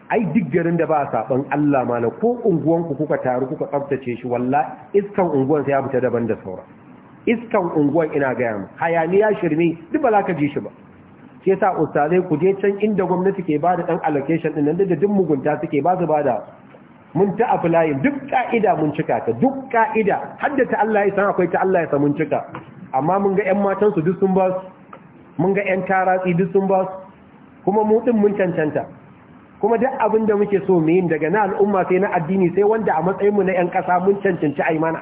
ai duk garin da ba a saban Allah mana ko unguwanku kuka taru kuka tsaftace shi wallahi iskan unguwan ya fita daban da sauran iskan unguwar ina gaya Hayani ya shirme duk ba za ka ji shi ba ke sa ustazai ku je can inda gwamnati ke bada dan allocation din nan da duk mugunta suke ba su bada mun ta aflayin duk ka'ida mun cika ta duk ka'ida hadda ta Allah ya san akwai ta Allah ya san mun cika amma mun ga ƴan matan su duk sun ba su mun ga ƴan taratsi duk sun ba su kuma mu din mun cancanta kuma duk abin da muke so mu yi daga na al'umma sai na addini sai wanda a matsayin mu na 'yan kasa mun cancanci aimana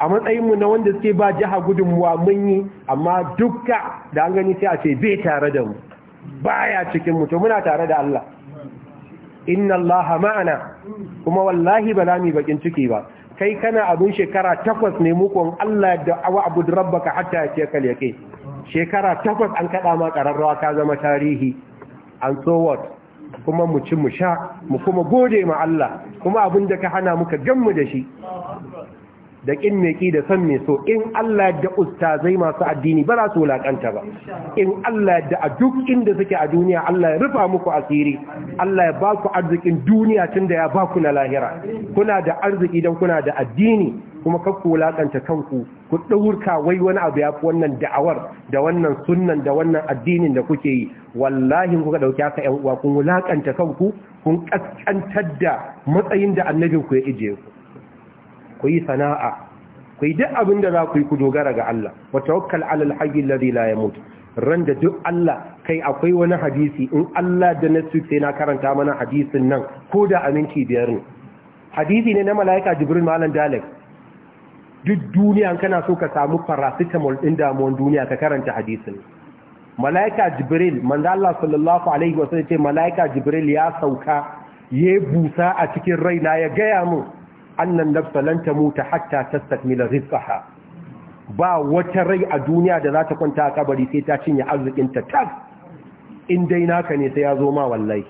a matsayinmu na wanda suke ba jiha gudunmuwa mun yi amma dukka da an gani sai a ce bai tare da mu ya cikin mu muna tare da Allah inna Allah ma'ana kuma wallahi ba lami bakin ciki ba kai kana abin shekara takwas ne mukon Allah da awa abu da rabbaka hatta ya ce kal yake shekara takwas an kada ma kararrawa ka zama tarihi an so what kuma mu ci mu sha mu kuma gode ma Allah kuma abin da ka hana muka ganmu da shi da kin mai ki da san me so in Allah da ustazai masu addini ba za su wulakanta ba in Allah da a duk inda suke a duniya Allah ya rufa muku asiri Allah ya ba ku arzikin duniya tun da ya ba ku na lahira kuna da arziki don kuna da addini kuma kar ku wulakanta kanku ku ɗaurka wai wani abu ya fi wannan da'awar da wannan sunnan da wannan addinin da kuke yi wallahi kuka ɗauki haka ‘yan uwa kun wulakanta kanku kun ƙasƙantar da matsayin da annabin ku ya ije ku ku yi sana'a ku yi duk abin da za ku yi ku dogara ga Allah wa tawakkal ala alhayy alladhi la yamut ran da duk Allah kai akwai wani hadisi in Allah da nasu sai na karanta mana hadisin nan ko da aminci biyar ne hadisi ne na malaika jibril malam dalek duk duniya kana so ka samu paracetamol din damuwan duniya ka karanta hadisin malaika jibril manzo Allah sallallahu alaihi wasallam ce malaika jibril ya sauka ya busa a cikin raina ya gaya mun annan nafsa lan tamuta hatta tastakmila rizqaha ba wata rai a duniya da za ta kwanta a kabari sai ta cinye arzikin ta tas in dai naka ne sai ya zo ma wallahi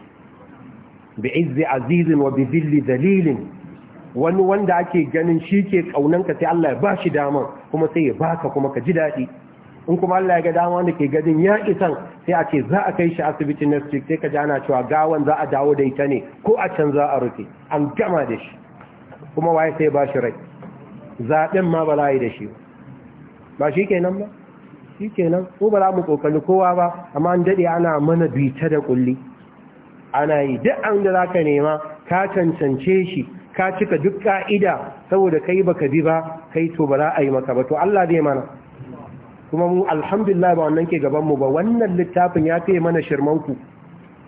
bi izzi azizin wa bi zilli dalilin wani wanda ake ganin shi ke kaunanka sai Allah ya ba shi daman kuma sai ya baka kuma ka ji daɗi in kuma Allah ya ga dama wanda ke gadin ya isan sai a ce za a kai shi asibiti na sai ka ji ana cewa gawan za a dawo da ita ne ko a can za a rufe an gama da shi kuma waye sai ba shi rai zaɓen ma ba za da shi ba shi kenan ba shi kenan ko ba mu ƙoƙari kowa ba amma an daɗe ana mana bita da ƙulli ana yi duk an da za ka nema ka cancance shi ka cika duk ka'ida saboda kai baka bi ba kai to ba za yi maka ba to Allah zai mana kuma mu alhamdulillah ba wannan ke gaban mu ba wannan littafin ya fiye mana shirmanku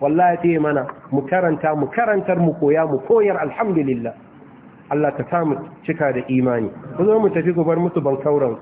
wallahi ya fiye mana mu karanta mu karantar mu koya mu koyar alhamdulillah Allah ka sa mu cika da imani ku zo mu tafi ku bar musu ban kauran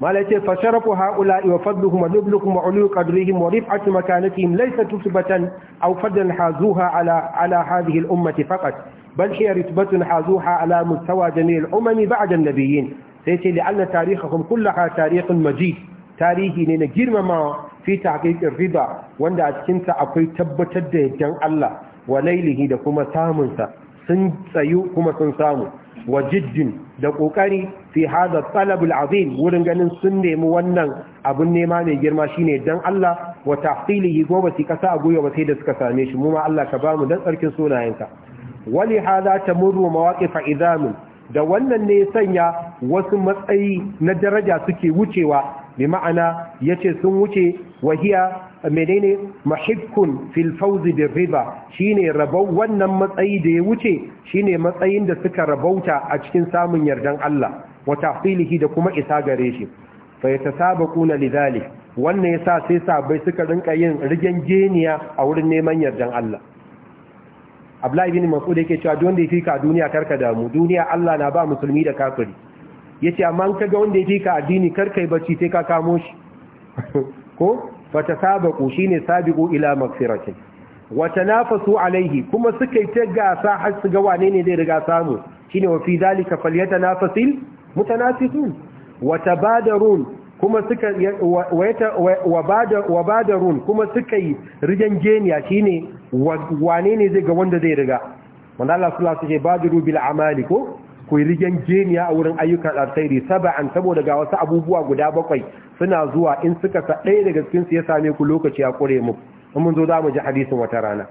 mala yace fa sharafu haula wa fadluhum wa nubluhum wa ulu qadrihim wa rif'atu makanatihim laysa tusbatan aw fadlan hazuha ala ala hadhihi al ummati faqat بل هي رتبة حازوها على مستوى جميع الأمم بعد النبيين سيتي لأن تاريخهم كلها تاريخ مجيد tarihi ne na girmama fi taƙiƙin riba wanda a cikinsa akwai tabbatar da yaddan Allah wa lailihi da kuma samunsa sun tsayu kuma sun samu wa jiddin da ƙoƙari fi hada talabul azim wurin ganin sun nemi wannan abun nema mai girma shine dan Allah wa tahsilihi goba su kasa a goyo ba sai da suka same shi mu ma Allah ka bamu dan tsarkin sunayenka wali hada tamurru mawaqif izamin da wannan ne sanya wasu matsayi na daraja suke wucewa bi ma'ana yace sun wuce wahiya menene mahikkun Filfauzi fawzi bir riba shine rabau wannan matsayi da ya wuce shine matsayin da suka rabauta a cikin samun yardan Allah wata filihi da kuma isa gare shi fa yatasabaquna lidhalik wannan yasa sai sabai suka rinka yin rigen geniya a wurin neman yardan Allah Abdullahi bin Mas'ud yake cewa don da yafi duniya karka damu duniya Allah na ba musulmi da kafiri yace amma kaga wanda ya ka addini karkai bacci sai ka kamo shi ko fatasabaqu shine sabiqu ila magfiratin wa tanafasu alaihi kuma suka yi ta gasa har su ga wane ne zai riga samu shine wa fi zalika falyatanafasil mutanafisun wa tabadarun kuma suka wa bada wa badarun kuma suka yi rijangeniya shine wane ne zai ga wanda zai riga wanda Allah sallallahu alaihi wasallam ya badiru bil amali ko ku rigen geniya a wurin ayyukan alkhairi saba'an saboda ga wasu abubuwa guda bakwai suna zuwa in suka sa ɗaya daga cikin su ya same ku lokaci ya kure mu in mun zo zamu ji hadisin wata rana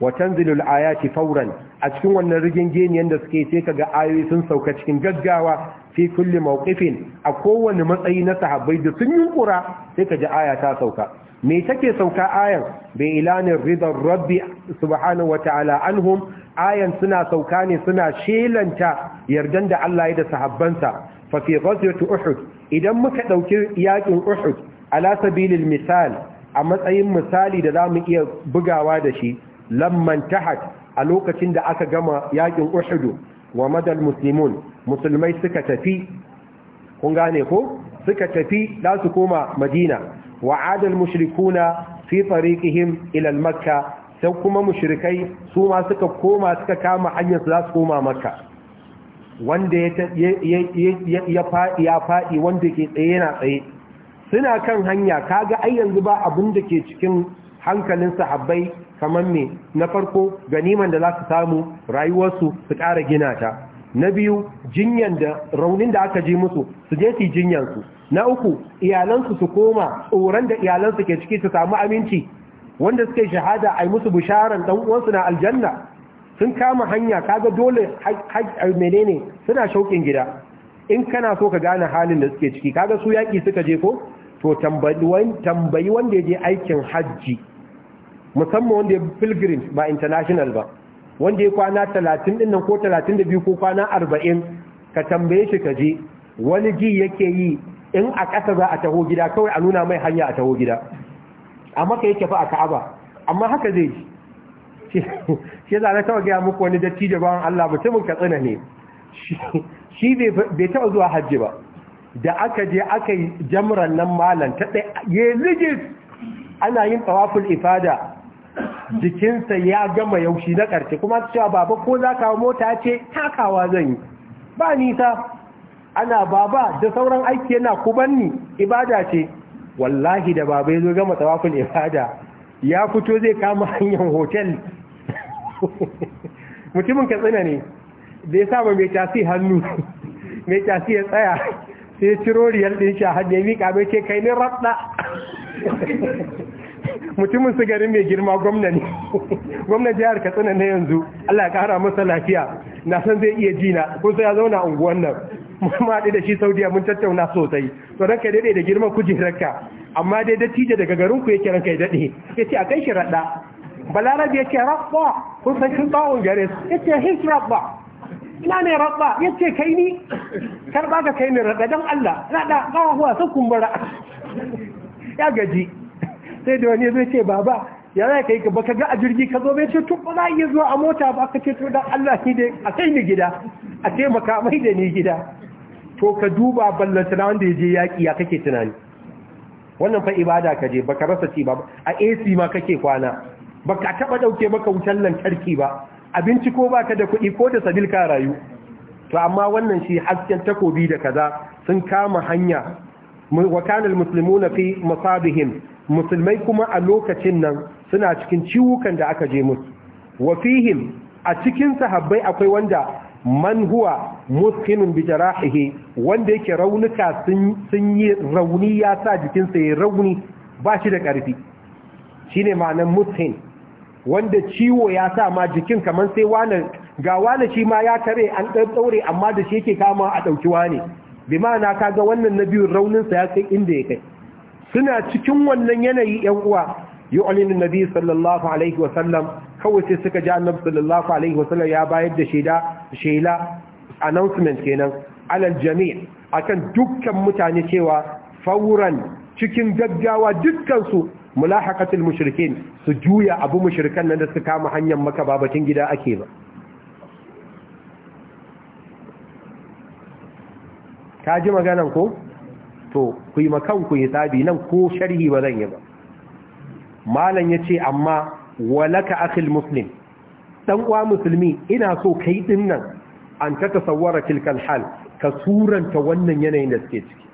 wa tanzilul ayati fawran a cikin wannan rigen geniyan da suke sai kaga ayoyi sun sauka cikin gaggawa fi kulli mawqifin a kowane matsayi na sahabbai da sun yunkura sai kaji aya ta sauka me take sauka ayan bai ilanin ridar rabbi subhanahu wata'ala anhum ayan suna sauka ne suna shelanta yardan da Allah ya da sahabbansa fa fi ghazwat uhud idan muka dauki yakin uhud ala sabilil misal a matsayin misali da zamu iya bugawa da shi lamman tahat a lokacin da aka gama yakin uhud wa madal muslimun musulmai suka tafi kun gane ko suka tafi za su koma madina Wa'adar adal mushrikuna fi tariqihim ila makka sai kuma mushrikai su ma suka suka kama hanyar su za su koma makka wanda ya faɗi ya wanda ke tsaye tsaye suna kan hanya kaga ai yanzu ba abin da ke cikin hankalin sahabbai kamar me na farko ganiman da za su samu rayuwarsu su ƙara gina ta na biyu jinyan da raunin da aka ji musu su je su jinyansu na uku iyalansu su koma tsoron da iyalansu ke ciki su samu aminci wanda suke shahada a yi musu bisharar dan uwansu na aljanna sun kama hanya kaga dole menene suna shauƙin gida in kana so ka gane halin da suke ciki kaga su yaƙi suka je ko to tambayi wanda ya je aikin hajji musamman wanda ya bi pilgrim ba international ba wanda ya kwana 30 din nan ko biyu ko kwana arba'in, ka tambaye shi ka je wani ji yake yi in a ƙasa za a taho gida kawai a nuna mai hanya a taho gida a maka yake fa a ka'aba amma haka zai ji shi zane gaya muku wani da bawan Allah mutumin katsina ne shi bai taɓa zuwa hajji ba da aka je aka yi jamran nan malam ta ɗaya zige ana yin tsawaful ifada jikinsa ya gama yaushi na ƙarshe kuma cewa baba ko za ka mota ce takawa zan yi ba nisa ana baba da sauran aiki yana kubanni ibada ce wallahi da baba ya zo gama tsawafin ibada ya fito zai kama hanyar hotel mutumin katsina ne da ya saba mai tasi hannu mai tasi ya tsaya sai ciro riyar ɗin sha hannu ya miƙa mai ce kai ne ratsa mutumin su garin mai girma gwamna ne gwamna jihar katsina na yanzu allah ya ƙara masa lafiya na san zai iya jina ko sai ya zauna unguwan nan mun haɗu da shi saudiya mun tattauna sosai to ranka daidai da girman kujerarka amma dai dattijo daga garin ku yake ranka ya daɗe ya ce a kai shi raɗa balarabi ya ce raɓa kun san kin bawon gare su ya ce his raɓa ina ne raɓa ya ce kai ni karɓa ka kai ni raɗa don allah raɗa ƙawahuwa sun kumbura ya gaji sai da wani zai ce baba ya za ka yi ka ga a jirgi ka zo bai ce to ba za a iya zuwa a mota ba ka ce to dan Allah ni dai a kai ni gida a taimaka mai da ni gida to ka duba ballantana wanda ya je yaƙi ya kake tunani wannan fa ibada ka je ba ka rasa ci ba a AC ma kake kwana Ba ka taɓa ɗauke maka wutar lantarki ba abinci ko ba ka da kuɗi ko da sabil ka rayu to amma wannan shi hasken takobi da kaza sun kama hanya wa musulmi na fi masabihim musulmai kuma a lokacin nan suna cikin ciwukan da aka je musu wa fihim a cikin sahabbai akwai wanda man huwa muskinun bi jarahihi wanda yake raunuka sun yi rauni ya sa jikinsa ya rauni ba shi da ƙarfi shi ne ma'anar muskin wanda ciwo ya sa ma jikin kamar sai wani ga wani shi ma ya kare an ɗan ɗaure amma da shi yake kama a ɗauki wani bi ma'ana kaga wannan na biyun rauninsa ya kai inda ya kai suna cikin wannan yanayi yan uwa yu'linu nabi sallallahu alaihi wa sallam kawai sai suka ji annabi sallallahu alaihi wa sallam ya bayar da shaida shaila announcement kenan alal jami' akan dukkan mutane cewa fauran cikin gaggawa dukkan su mulahaqatul mushrikin su juya abu mushrikan nan da suka kama hanyar maka babatin gida ake ba ka ji maganan ko to ku yi makan ku sabi nan ko sharhi ba zan yi ba malam ya ce amma walaka akil muslim ɗan uwa musulmi ina so kai ɗin nan an ta tasawwara tilkan hal ka suranta wannan yanayin da suke ciki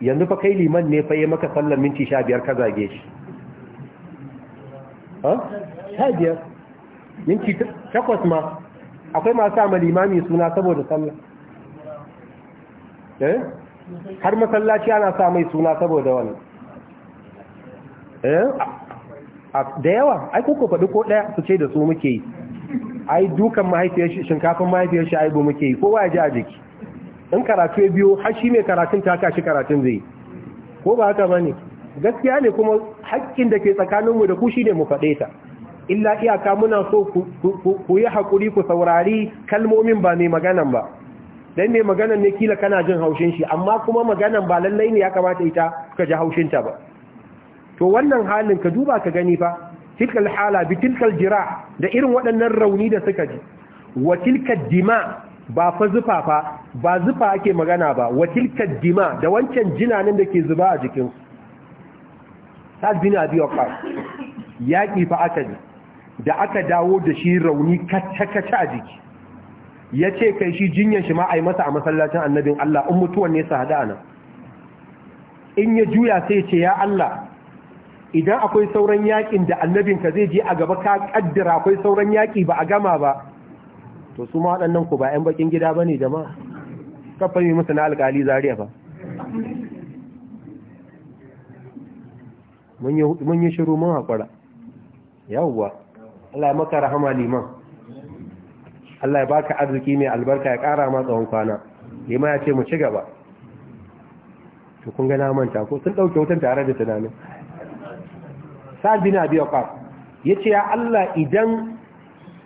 yanzu fa kai liman ne fa yi maka sallar minti sha biyar ka zage shi sha biyar minti takwas ma akwai masu ama limami suna saboda sallah eh? har masallaci ana sa mai suna saboda wannan Eh? da yawa ai kuka faɗi ko ɗaya su ce da su muke yi ai dukan mahaifiyar shi shinkafin mahaifiyar shi aibu muke yi kowa ya ji a jiki in karatu ya biyo har shi mai karatun ta kashi karatun zai ko ba haka bane gaskiya ne kuma haƙƙin da ke tsakaninmu da ku shine mu faɗe ta illa iyaka muna so ku yi haƙuri ku saurari kalmomin ba mai maganan ba dan mai maganan ne kila kana jin haushin shi amma kuma maganan ba lallai ne ya kamata ita ka ji haushinta ba to wannan halin ka duba ka gani fa tilkal hala bi tilkal jira da irin waɗannan rauni da suka ji wa tilkal dima ba fa zufa fa ba zufa ake magana ba wa tilkal dima da wancan jinanin da ke zuba a jikin su bin Abi Waqqas yaki fa aka ji da aka dawo da shi rauni kacce a jiki ya ce kai shi jinyar shi ma a yi masa a masallacin annabin Allah in mutuwan ne su hada nan in ya juya sai ce ya Allah idan akwai sauran yakin da annabinka zai je a gaba ka kaddara akwai sauran yaki ba a gama ba to su ma waɗannan ku ba 'yan bakin gida ba ne ma. kafin yi musu na alƙali zariya ba mun yi shiru mun haƙura yawwa Allah ya maka rahama liman Allah ya baka arziki mai albarka ya ƙara ma tsawon kwana liman ya ce mu ci gaba to kun ga na manta ko sun ɗauke wutan tare da tunanin sa'ad bin abi waqas yace ya Allah idan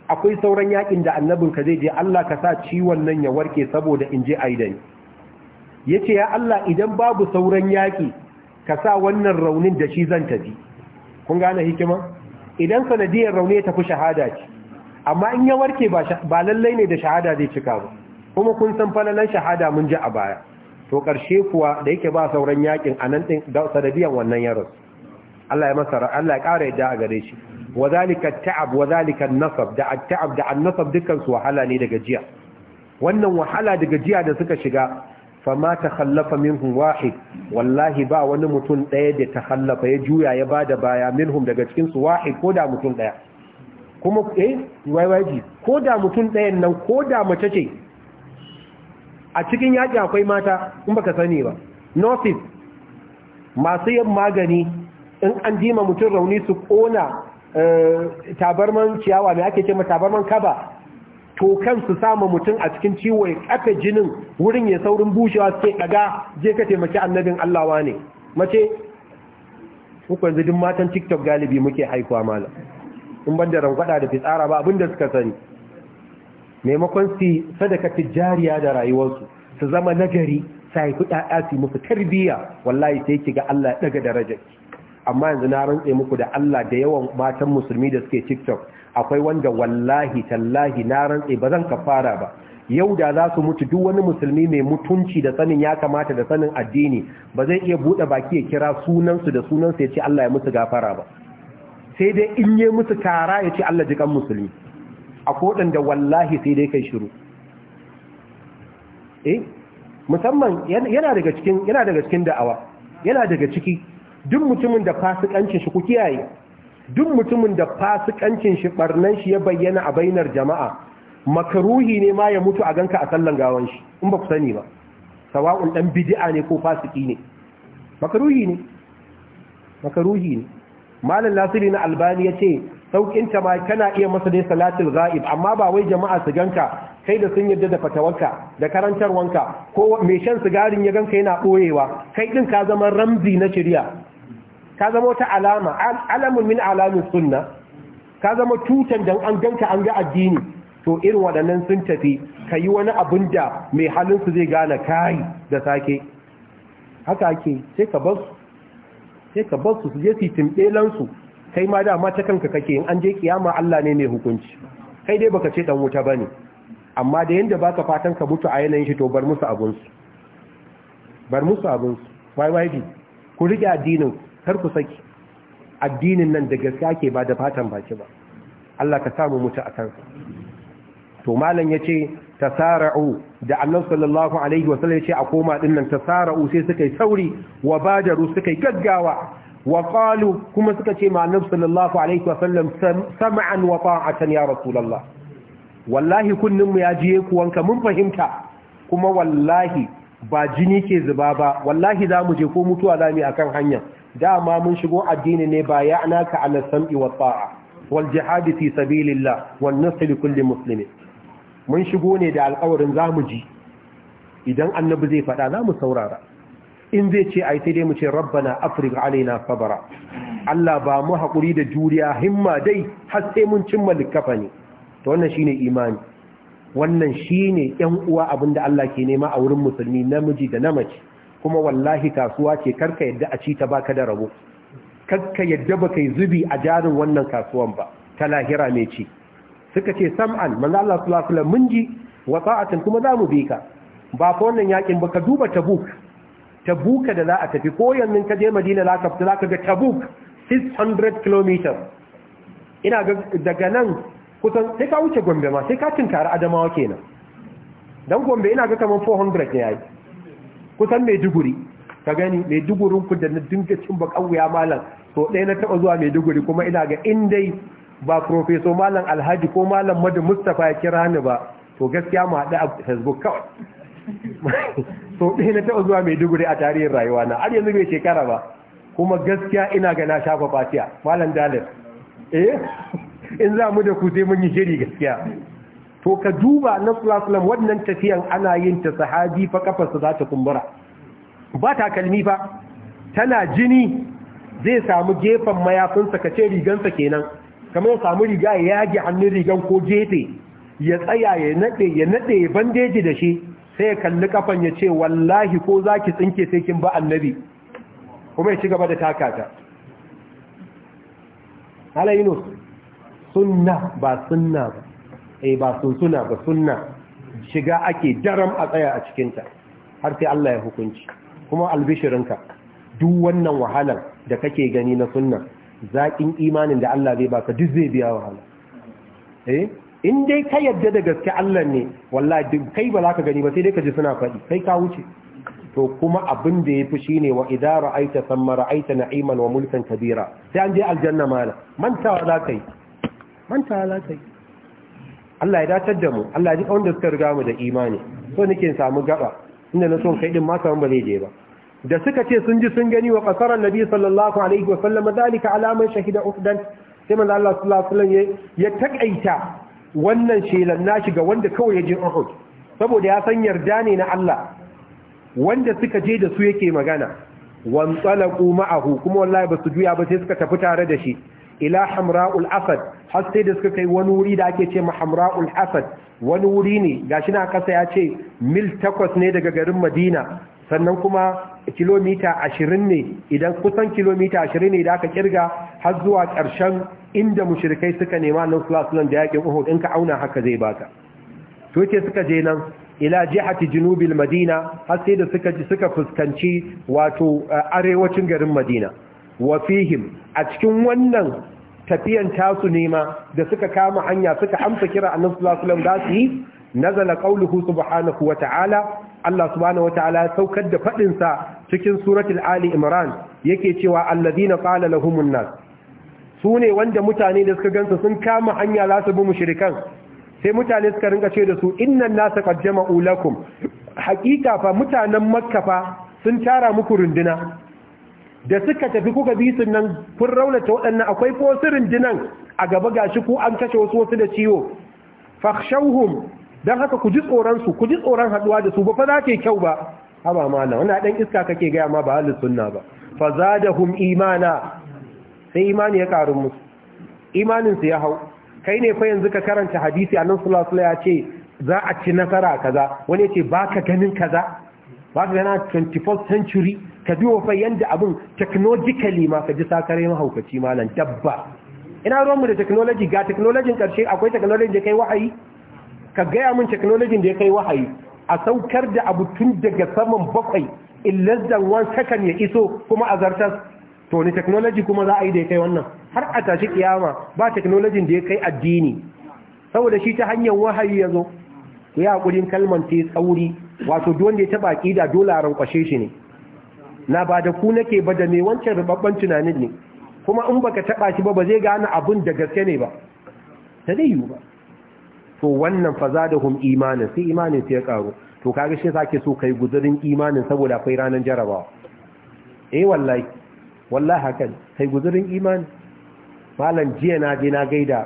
akwai sauran yakin da annabinka zai je Allah ka sa ciwon nan ya warke saboda in je aidan yace ya Allah idan babu sauran yaki ka sa wannan raunin da shi zan tafi kun gane hikima idan sanadiyar rauni ya tafi shahada ce amma in ya warke ba lallai ne da shahada zai cika ba kuma kun san falalan shahada mun ji a baya to ƙarshe kuwa da yake ba sauran yakin anan din sanadiyar wannan yaron Allah ya masa Allah ya ƙara yadda a gare shi wa zalika ta'ab wa zalika nasab da ta'ab da an-nasab dukkan su wahala ne daga jiya wannan wahala daga jiya da suka shiga fama takhallafa minhum wahid wallahi ba wani mutum daya da takhallafa ya juya ya bada baya minhum daga cikin su wahid ko da mutum daya kuma eh waiwaji ko da mutum dayan nan ko da mace ce a cikin yaki akwai mata in baka sani ba nurses masu yin magani in an jima mutum rauni su ƙona eh, tabarman ciyawa mai ake ce ma tabarman kaba to kan su sama mutum a cikin ciwo ya kafe jinin wurin ya saurin bushewa sai daga je ka taimaki annabin Allah ne. mace uku yanzu matan TikTok galibi muke haikuwa malam in ban da rangwada da fitsara ba abinda suka sani maimakon su sadaka tijariya da rayuwarsu su zama nagari sai kuɗa su musu tarbiyya wallahi sai ki ga Allah ya daga darajarki amma yanzu na rantse muku da Allah da yawan matan musulmi da suke TikTok akwai wanda wallahi tallahi na rantse ba zan kafara ba yau da za su mutu duk wani musulmi mai mutunci da sanin ya kamata da sanin addini ba zai iya bude baki ya kira sunansu da sunansu ya ce Allah ya musu gafara ba sai dai in yi musu kara ya ce Allah jikan musulmi a kodin da wallahi sai dai kai shiru eh musamman yana daga cikin yana daga cikin da'awa yana daga ciki duk mutumin da fasikancin shi ku kiyaye duk mutumin da fasikancin shi barnan shi ya bayyana a bainar jama'a makaruhi ne ma ya mutu a ganka a sallan gawan shi in ba ku sani ba sawa'un dan bid'a ne ko fasiki ne makaruhi ne makaruhi ne malam nasiri na albani ya ce saukin ta ma kana iya masa dai salatul ghaib amma ba wai jama'a su ganka kai da sun yarda da fatawarka da karantar wanka, ko mai shan sigarin ya ganka yana boyewa kai din ka zama ramzi na shari'a ka zama wata alama alamun min alamin sunna ka zama tutan dan an ganka an ga addini to irin waɗannan sun tafi ka wani abun da mai halin su zai gane kai da sake haka ake sai ka bar su sai ka bar su su je su timɗelansu kai ma dama ta kanka kake in an je kiyama Allah ne mai hukunci kai dai baka ce dan wuta bane amma da yanda baka fatan ka mutu a yanayin shi to bar musu abun su bar musu abun su wai wai bi ku rike addinin kar ku saki addinin nan da gaskiya ke ba da fatan baki ba Allah ka samu mutu a kansa to malam yace tasara'u da Allah sallallahu alaihi wasallam yace a koma din nan tasara'u sai suka yi sauri wa badaru suka yi gaggawa wa qalu kuma suka ce ma annabi sallallahu alaihi wasallam sam'an wa ta'atan ya rasulullah wallahi kunnin mu ya jiye ku wanka mun fahimta kuma wallahi ba jini ke zuba ba wallahi za mu je ko mutuwa za mu akan hanya dama mun shigo addini ne ba ya anaka ala sam'i wa ta'a wal jihadi fi sabilillah wan nasr li kulli muslimin mun shigo ne da alƙawarin za mu ji idan annabi zai faɗa za mu saurara in zai ce a yi sai dai mu ce rabbana afrig alaina sabara Allah ba mu haƙuri da juriya himma dai har sai mun cimma likkafa ne to wannan shine imani wannan shine 'yan uwa abinda Allah ke nema a wurin musulmi namiji da namace kuma wallahi kasuwa ce karka yadda a ci ta baka da rabo karka yadda baka yi zubi a jarin wannan kasuwan ba ta lahira mai ci suka ce sam'an manzo Allah sallallahu alaihi wasallam mun ji wa kuma za mu bi ka ba fa wannan yakin ba ka duba tabuk tabuka da za a tafi ko yanzu ka je madina za ka za ka ga tabuk 600 km ina ga daga nan kusan sai ka wuce gombe ma sai ka tinkari adamawa kenan dan gombe ina ga kaman 400 ne yayi kusan maiduguri ka gani maidugurin ku da na dinga cin ba kawuya malam to ɗaya na taɓa zuwa maiduguri kuma ina ga in dai ba profeso malam alhaji ko malam madu mustapha ya kira ni ba to gaskiya mu haɗu a facebook kawai so ɗaya na taɓa zuwa mai maiduguri a tarihin rayuwa na har yanzu bai shekara ba kuma gaskiya ina gana na shafa fatiya malam dalil eh in za mu da ku sai mun yi shiri gaskiya to ka duba na sulasulam wannan tafiyan ana yin ta sahabi fa kafarsa za ta kumbura ba takalmi ba tana jini zai samu gefen mayafinsa ka ce rigansa kenan kamar ya samu riga ya yage hannun rigan ko jefe ya tsaya ya naɗe ya naɗe bandeji da shi sai ya kalli kafan ya ce wallahi ko za ki tsinke sai kin ba annabi kuma ya ci gaba da takata halayinus sunna ba sunna ba eh ba sunsuna ba sunna shiga ake daram a tsaya a cikinta har sai Allah ya hukunci kuma albishirinka duk wannan wahalar da kake gani na sunna zaƙin imanin da Allah zai baka duk zai biya wahala eh in dai ka yadda da gaske Allah ne wallahi duk kai ba za ka gani ba sai dai ka ji suna faɗi kai ka wuce to kuma abin da ya yafi ne wa idan ra'aita thamma ra'aita na'iman wa mulkan kabira sai an je aljanna mala mantawa za ka yi mantawa za ka yi Allah ya datar da mu Allah ya ji da suka riga mu da imani so nake samu gaba inda na son kai din ma samu ba zai je ba da suka ce sun ji sun gani wa kasar annabi sallallahu alaihi wa sallam dalika alaman shahida uhdan sai manzo Allah sallallahu alaihi wa sallam ya takaita wannan shelan nashi ga wanda kawai ya je Uhud saboda ya san yarda ne na Allah wanda suka je da su yake magana wan talaqu ma'ahu kuma wallahi ba su juya ba sai suka tafi tare da shi ila hamra'ul asad har sai da suka kai wani wuri da ake ce ma hamra'ul asad wani wuri ne gashi na kasa ya ce mil takwas ne daga garin Madina sannan kuma kilomita ashirin ne idan kusan kilomita ashirin ne da aka kirga har zuwa ƙarshen inda mushirikai suka nema nan sulasulan da yakin uhud in ka auna haka zai baka to ke suka je nan ila jihati junubil madina har sai da suka ji suka fuskanci wato eh, arewacin garin madina wa fihim a cikin wannan tafiyan tasu nema da suka kama hanya suka amsa kira annabi sallallahu alaihi wasallam da su yi nazala qauluhu subhanahu wa ta'ala Allah subhanahu wa ta'ala saukar da fadin sa cikin suratul ali imran yake cewa alladhina qala lahumun nas sune wanda mutane da suka gansa sun kama hanya za su bi mushrikan sai mutane suka rinka ce da su innan nasa qad jama'u lakum haqiqa fa mutanen makka fa sun tara muku runduna da suka tafi kuka bi su nan kun raunata waɗannan akwai ko wasu rundunan a gaba gashi ku an kashe wasu wasu da ciwo fakhshawhum dan haka ku ji tsoron su ku ji tsoron haduwa da su ba fa za ta yi kyau ba haba mala wannan dan iska kake gaya ma ba ahlus sunna ba fa zadahum imana sai imani ya karu musu imanin su ya hau kai ne fa yanzu ka karanta hadisi annabi sallallahu alaihi wasallam ya ce za a ci nasara kaza wani ya ce baka ganin kaza baka gana 21st century ka duwa fa yanda abin technologically ma ka ji sakare mahaukaci malam dabba ina ruwanmu da technology ga technology karshe akwai technology da kai wahayi ka gaya mun technology da ya kai wahayi a saukar da abu tun daga saman bakwai in less than sakan ya iso kuma a zartas to ni technology kuma za a yi da ya kai wannan har a tashi kiyama ba teknolojin da ya kai addini saboda shi ta hanyar wahayi ya zo ku yi haƙurin kalmar ta yi tsauri wato wanda ya taɓa ƙida dole a kwashe shi ne na ba da ku nake ba da mai wancan rubabban tunanin ne kuma in baka taɓa shi ba ba zai gane abin da gaske ne ba ta zai yiwu ba to wannan fa zadahum imanin sai imanin sai ya karu to kaga shi sake so kai guzurin imanin saboda akwai ranar jarabawa eh wallahi wallahi haka kai guzurin imani malam jiya na je na gaida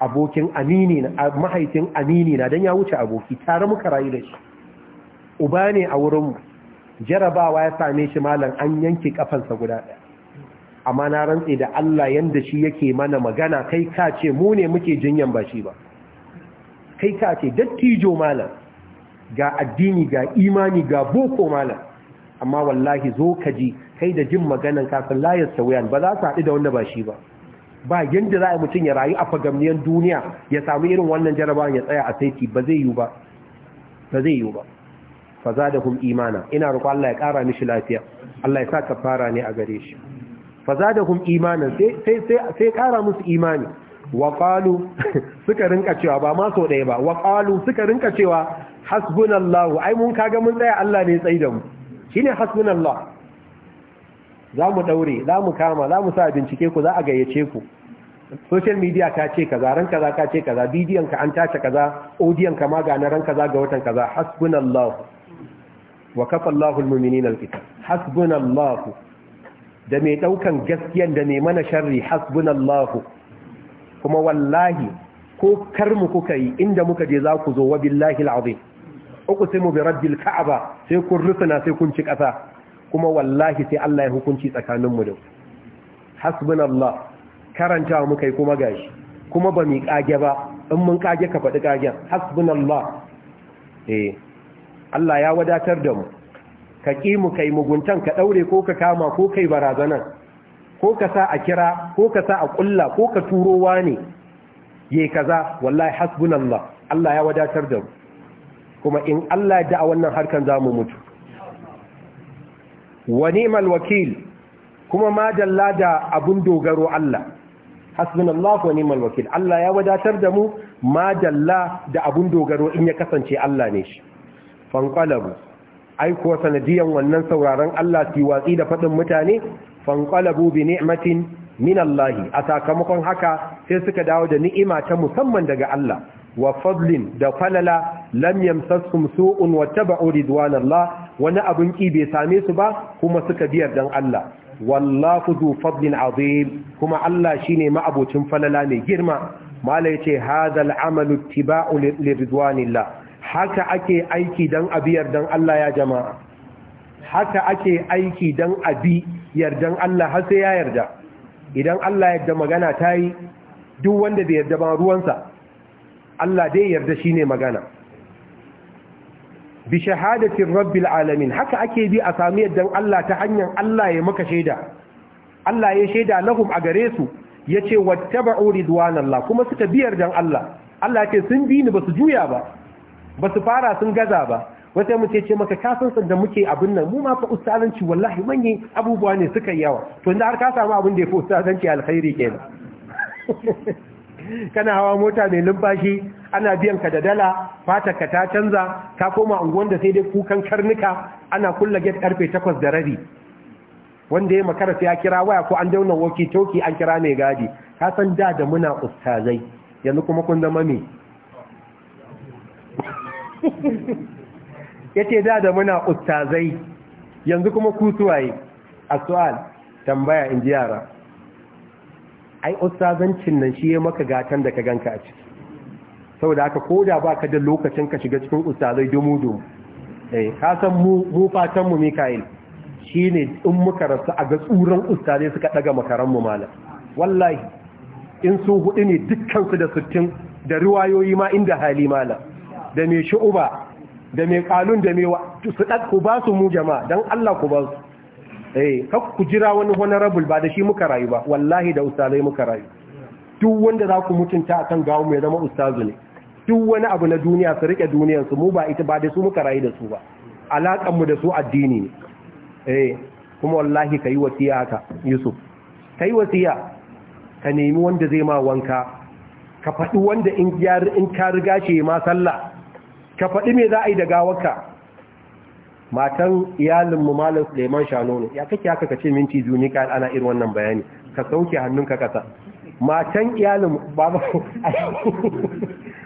abokin amini na mahaifin amini na dan ya wuce aboki tare muka rayu da shi uba ne a wurin jarabawa ya same shi malam an yanke kafansa guda ɗaya amma na rantse da Allah yanda shi yake mana magana kai ka ce mu ne muke jinyan ba shi ba kai ka ce dattijo malam ga addini ga imani ga boko malam amma wallahi zo ka ji kai da jin maganan kafin layar sauyan ba za su haɗu da wanda ba shi ba ba yanda za a mutum ya rayu a fagamniyar duniya ya samu irin wannan jarabawan ya tsaya a saiti ba zai yiwu ba ba zai yiwu ba fa za da hum imana ina roƙo Allah ya ƙara mishi lafiya Allah ya sa ka fara ne a gare shi fa za da hum imana sai sai sai ƙara musu imani waƙalu suka rinka cewa ba ma sau ɗaya ba waƙalu suka rinka cewa hasbunallahu ai mun kaga mun ɗaya Allah ne tsaye da mu shi ne hasbunallah za mu ɗaure za mu kama za mu sa bincike ku za a gayyace ku social media ka ce kaza ran kaza ka ce kaza bidiyon ka an tace kaza audiyon ka ma ga na ran kaza ga watan kaza hasbunallah wa kafa Allahu almu'minina alkitab hasbunallah da mai daukan gaskiyan da mai mana sharri hasbunallah. kuma wallahi ko kar mu kuka yi inda muka je za ku zo wa billahi al'azim uku sai mu bi rabbil ka'aba sai kun rufuna sai kun ci ƙasa kuma wallahi sai Allah ya hukunci tsakanin mu da hasbunallah karanta muka yi kuma gashi kuma ba mu kage ba in mun kage ka faɗi kagen hasbunallah eh Allah ya wadatar da mu ka ƙi mu kai muguntan ka ɗaure ko ka kama ko kai barazanan ko ka sa a kira ko ka sa a kulla ko ka turo wa ne ya yi kaza wallahi hasbunallah Allah ya wadatar da mu kuma in Allah ya da'a a wannan harkan mu mutu wa ni'mal wakil kuma ma dalla da abun dogaro Allah hasbunallah wa ni'mal wakil Allah ya wadatar da mu ma dalla da abun dogaro in ya kasance Allah ne shi fanqalabu ai kuwa sanadiyan wannan sauraron Allah su watsi da faɗin mutane Fanƙalabu bi ni'matin min Allah a sakamakon haka sai suka dawo da ni'ima ta musamman daga Allah wa fadlin da falala lam yamsaskum su'un wattaba'u ridwanallah wani abun ki bai same su ba kuma suka biyar dan Allah wallahu zu fadlin azim kuma Allah shine ma'abocin falala mai girma mala yace hadal amalu tiba'u liridwanillah haka ake aiki dan abiyar dan Allah ya jama'a haka ake aiki dan abi yardan Allah har sai ya yarda idan Allah yarda magana ta yi duk wanda bai yarda ba ruwansa Allah dai yarda shi ne magana bi shahadatin rabbil alamin haka ake bi a sami yardan Allah ta hanyar Allah ya maka shaida Allah ya shaida lahum a gare su yace wattaba'u ridwanallah kuma suka bi yardan Allah Allah ya ce sun bi ni su juya ba ba su fara sun gaza ba wata mu ce maka kasan san da muke abin nan mu ma fa ustazanci wallahi manyi abubuwa ne suka yi yawa to inda har ka samu abin da ya fi ustazanci alkhairi kenan kana hawa mota mai lumfashi ana biyan ka da dala fata ka ta canza ka koma unguwan da sai dai kukan karnuka ana kulla gate karfe 8 da rabi wanda ya makara sai ya kira waya ko an dauna walkie talkie an kira mai gadi ka san da da muna ustazai yanzu kuma kun zama me yace da da muna ustazai yanzu kuma kutuwaye A sual tambaya inji yara ai ustazancin nan shi ya maka gatan da ka ganka a ciki saboda haka koda ka da lokacin ka shiga cikin ustazai dumu dumu eh ka san mu mu fatan mu Mikael shine in muka rasu a ga tsuran ustazai suka daga makaran mu malam wallahi in su hudu ne dukkan su da sittin da riwayoyi ma inda hali malam da mai shu'uba da mai kalun da mai su ɗan ku ba su mu jama'a don Allah ku ba su eh ku jira wani honorable ba da shi muka rayu ba wallahi da ustazai muka rayu duk wanda za ku mutunta akan gawo mai zama ustazu ne duk wani abu na duniya su rike duniyar su mu ba ita ba da su muka rayu da su ba alakan mu da su addini ne eh kuma wallahi kai wasiya haka Yusuf kai wasiya ka nemi wanda zai ma wanka ka faɗi wanda in ka riga shi ma sallah ka faɗi me za a yi da gawarka matan iyalinmu malam suleiman ne. ya kake haka ka ce minti biyu ni kayan ana irin wannan bayani ka sauke hannun ka kasa matan iyalinmu ba ba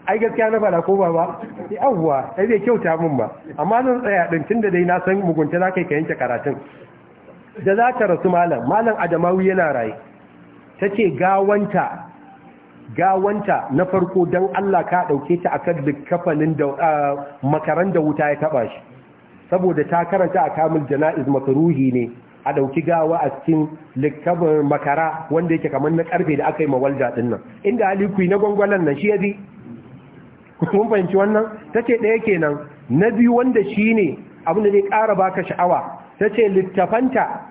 ai gaskiya na fara ko ba ba yawwa ai zai kyauta min ba amma zan tsaya din tunda dai na san mugunta za ka yi ka yanke karatun da za ta rasu malam malam adamawi yana raye ta ce gawanta gawanta na farko don Allah ka ɗauke ta akan kafanin da ah, makaran da wuta ya taɓa shi saboda ta karanta a kamil jana'iz makaruhi ne a ɗauki gawa a cikin likkabar makara wanda yake kamar na ƙarfe da aka yi mawalda ɗin nan inda halikwi na gwangwalan nan shi ya bi kun fahimci wannan ta ce ɗaya kenan na biyu wanda shi ne abin da zai ƙara baka sha'awa ta ce littafanta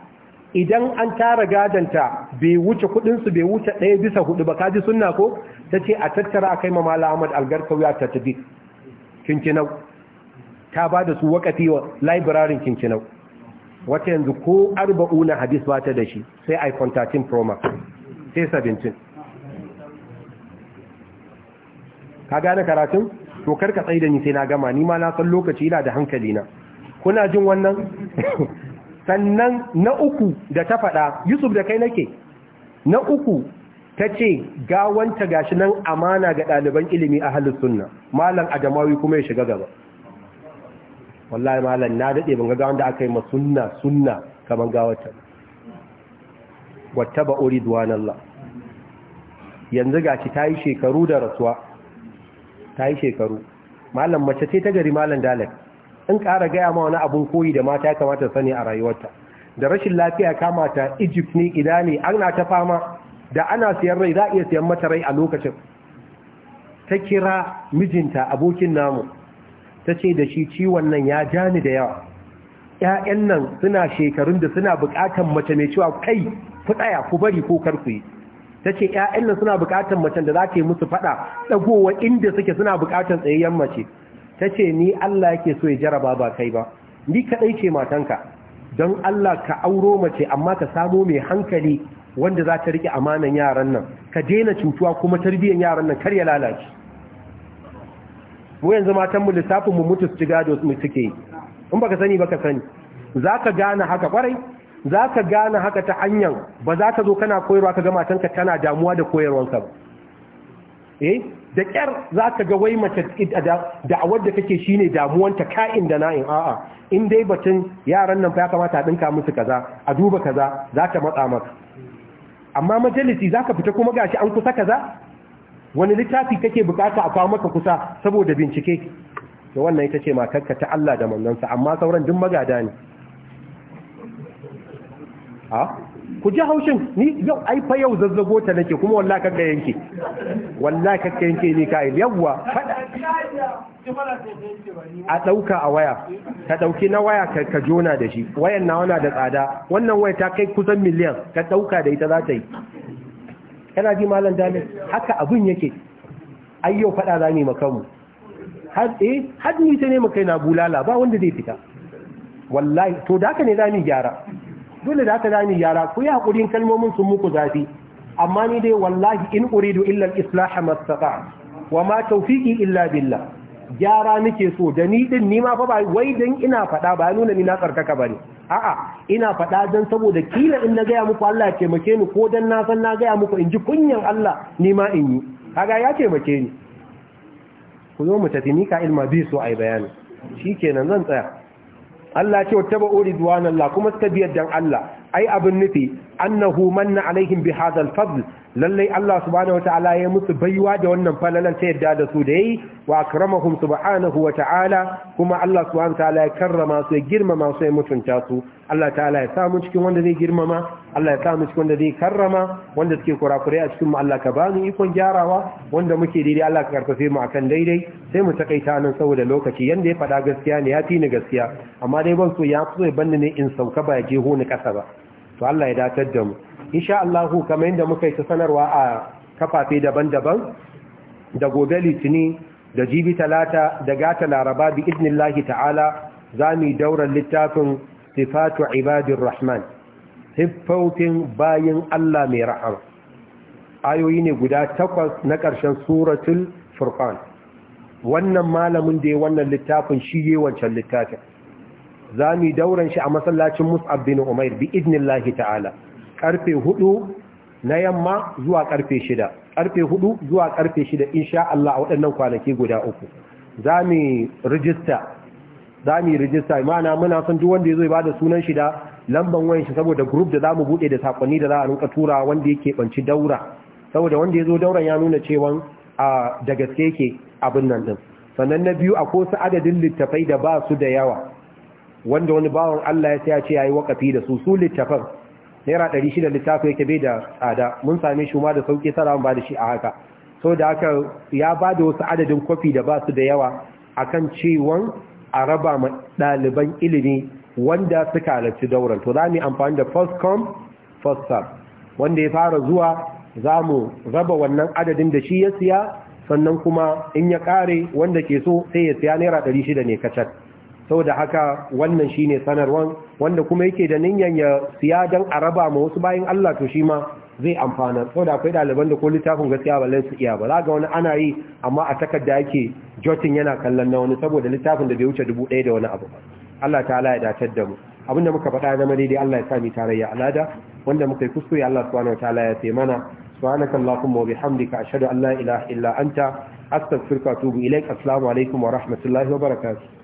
idan an tara gadanta bai wuce kudinsu bai wuce ɗaya bisa hudu ba kaji sunna ko ta ce a tattara a kai ma mala ahmad algarkawi a tattabi kinkinau ta ba da su wakati wa laibirarin kinkinau wata yanzu ko arba'u na hadis ba ta da shi sai ai pro proma sai 17. ka gane karatun to karka tsaye da ni sai na gama ni ma na san lokaci ina da hankali na kuna jin wannan sannan na uku da ta faɗa yusuf da kai nake na uku ta ce gawanta gashi nan amana ga ɗaliban ilimi a halin sunna malam adamawi kuma ya shiga gaba wallahi malam na daɗe ban ga wanda aka yi ma sunna sunna kamar gawata wata ba uri Allah. yanzu gashi ta yi shekaru da rasuwa ta yi shekaru malam mace ce ta gari malam dalek in ƙara gaya ma wani abun koyi da mata ya kamata sani a rayuwarta da rashin lafiya kamata ta egypt ne ina ne ana ta fama da ana siyan rai za a iya siyan mata rai a lokacin ta kira mijinta abokin namu ta ce da shi ciwon nan ya ja ni da yawa ‘ya'yan nan suna shekarun da suna buƙatan mace mai cewa kai ku tsaya ku bari ko kar ku yi ta ce ƴaƴan nan suna buƙatan mace da za ta yi musu faɗa ɗagowa inda suke suna buƙatan tsayayyen mace ta ce ni Allah yake so ya jaraba ba kai ba ni kaɗai ce matanka don Allah ka auro mace amma ka samo mai hankali wanda za ta riƙe amanan yaran nan ka daina cutuwa kuma tarbiyyar yaran nan kar ya lalace mu yanzu matan mu lissafin mu mutu su gado mu suke yi in baka sani baka sani zaka gane haka kwarai zaka gane haka ta hanyar ba za ka zo kana koyarwa ka ga matanka tana damuwa da koyarwanka ba eh da kyar za ka ga wai mace da'awar da kake shi shine damuwanta ka'in da na'in a'a in dai batun yaran nan ya kamata a ɗinka musu kaza a duba kaza za ta matsa maka amma majalisi za ka fita kuma gashi an kusa kaza wani littafi kake bukata a kawo maka kusa saboda bincike to wannan ita ce matarka ta Allah da mannansa amma sauran duk magada ne ah? ku ji haushin ni yau ai fa yau zazzago ta nake kuma wallahi kaga yanke wallahi kaga yanke ni kai yawwa a ɗauka a waya ka ɗauki na waya ka jona da shi wayan na wana da tsada wannan waya ta kai kusan miliyan ka ɗauka da ita za ta yi kana ji malam dalil haka abin yake ai yau faɗa za mu makamu har eh har ni ta ne mu kai na bulala ba wanda zai fita wallahi to da haka ne za mu gyara dole da haka zamu gyara ku yi hakurin kalmomin sun muku zafi amma ni dai wallahi in uridu illa al-islah mastata wa ma tawfiqi illa billah gyara nake so da ni din ni ma fa ba wai dan ina fada ba nuna ni na tsarkaka bane a'a ina fada dan saboda kila in na ga muku Allah ya taimake ni ko dan na san na ga muku in ji kunyan Allah ni ma in yi kaga ya taimake ni ku zo mu tafi ni ka ilma bi so ai bayani shikenan zan tsaya Allah ce wata ba'o ridwanan Allah kuma suka biyar dan Allah ai abin nufi annahu manna alaihim bi hadal fadl lallai Allah subhanahu wata'ala ya musu baiwa da wannan falalan ta yadda da su da yi wa akramahum subhanahu wata'ala kuma Allah subhanahu wata'ala ya karrama su ya girmama su ya mutunta su Allah ta'ala ya samu cikin wanda zai girmama Allah ya samu cikin wanda zai karrama wanda suke kurakurai a cikin mu Allah ka bani ikon gyarawa wanda muke daidai Allah ka karfafe mu akan daidai sai mu takaita nan saboda lokaci yanda ya faɗa gaskiya ne ya fi ni gaskiya amma dai ban so ya fi so ya banni ne in sauka ba ya jeho ni kasa ba to Allah ya datar da mu insha Allah kamar yadda muka yi ta sanarwa a kafafe daban-daban da gobe litini da jibi talata da gata laraba bi iznillahi ta'ala za mu daurar littafin sifatu ibadin rahman siffautin bayan Allah mai rahama ayoyi ne guda takwas na ƙarshen suratul furfan. wannan malamin da ya wannan littafin shi yi wancan littafin za mu dauran shi a masallacin mus'ab bin umair bi idnillahi ta'ala karfe hudu na yamma zuwa karfe shida karfe hudu zuwa karfe shida insha Allah a waɗannan kwanaki guda uku za mu yi rijista za mu yi rijista imana muna son duk wanda ya zo ya bada sunan shi da lamban wayan shi saboda group da za mu buɗe da sakonni da za a rinka tura wanda yake banci daura saboda wanda ya zo dauran ya nuna cewan da gaske yake abin nan din sannan na biyu a ko su adadin littafai da ba su da yawa wanda wani bawan Allah ya ce ya yi wakafi da su su littafan naira ɗari shida littafi yake bai da tsada mun same shi ma da sauƙi tsara ba da shi a haka so da haka ya ba da wasu adadin kwafi da ba su da yawa a kan ciwon a raba ma ɗaliban ilimi wanda suka halarci dauran to za mu yi amfani da first come first serve wanda ya fara zuwa za mu raba wannan adadin da shi ya siya sannan kuma in ya ƙare wanda ke so sai ya siya naira ɗari shida ne kacal saboda haka wannan shine sanarwan wanda kuma yake da ninyan ya siya dan araba ma wasu bayan Allah to shi ma zai amfana saboda akwai ɗaliban da ko littafin gaskiya ba lansu iya ba za ga wani ana yi amma a takarda yake jotin yana kallon na wani saboda littafin da bai wuce dubu ɗaya da wani abu ba Allah ta'ala ya dacar da mu da muka faɗa zama daidai Allah ya sa mu tarayya alada wanda muka yi kuskure Allah subhanahu wataala ya sai mana subhanaka allahumma wa bihamdika ashhadu an la ilaha illa anta astaghfiruka wa atubu ilaik alaikum wa rahmatullahi wa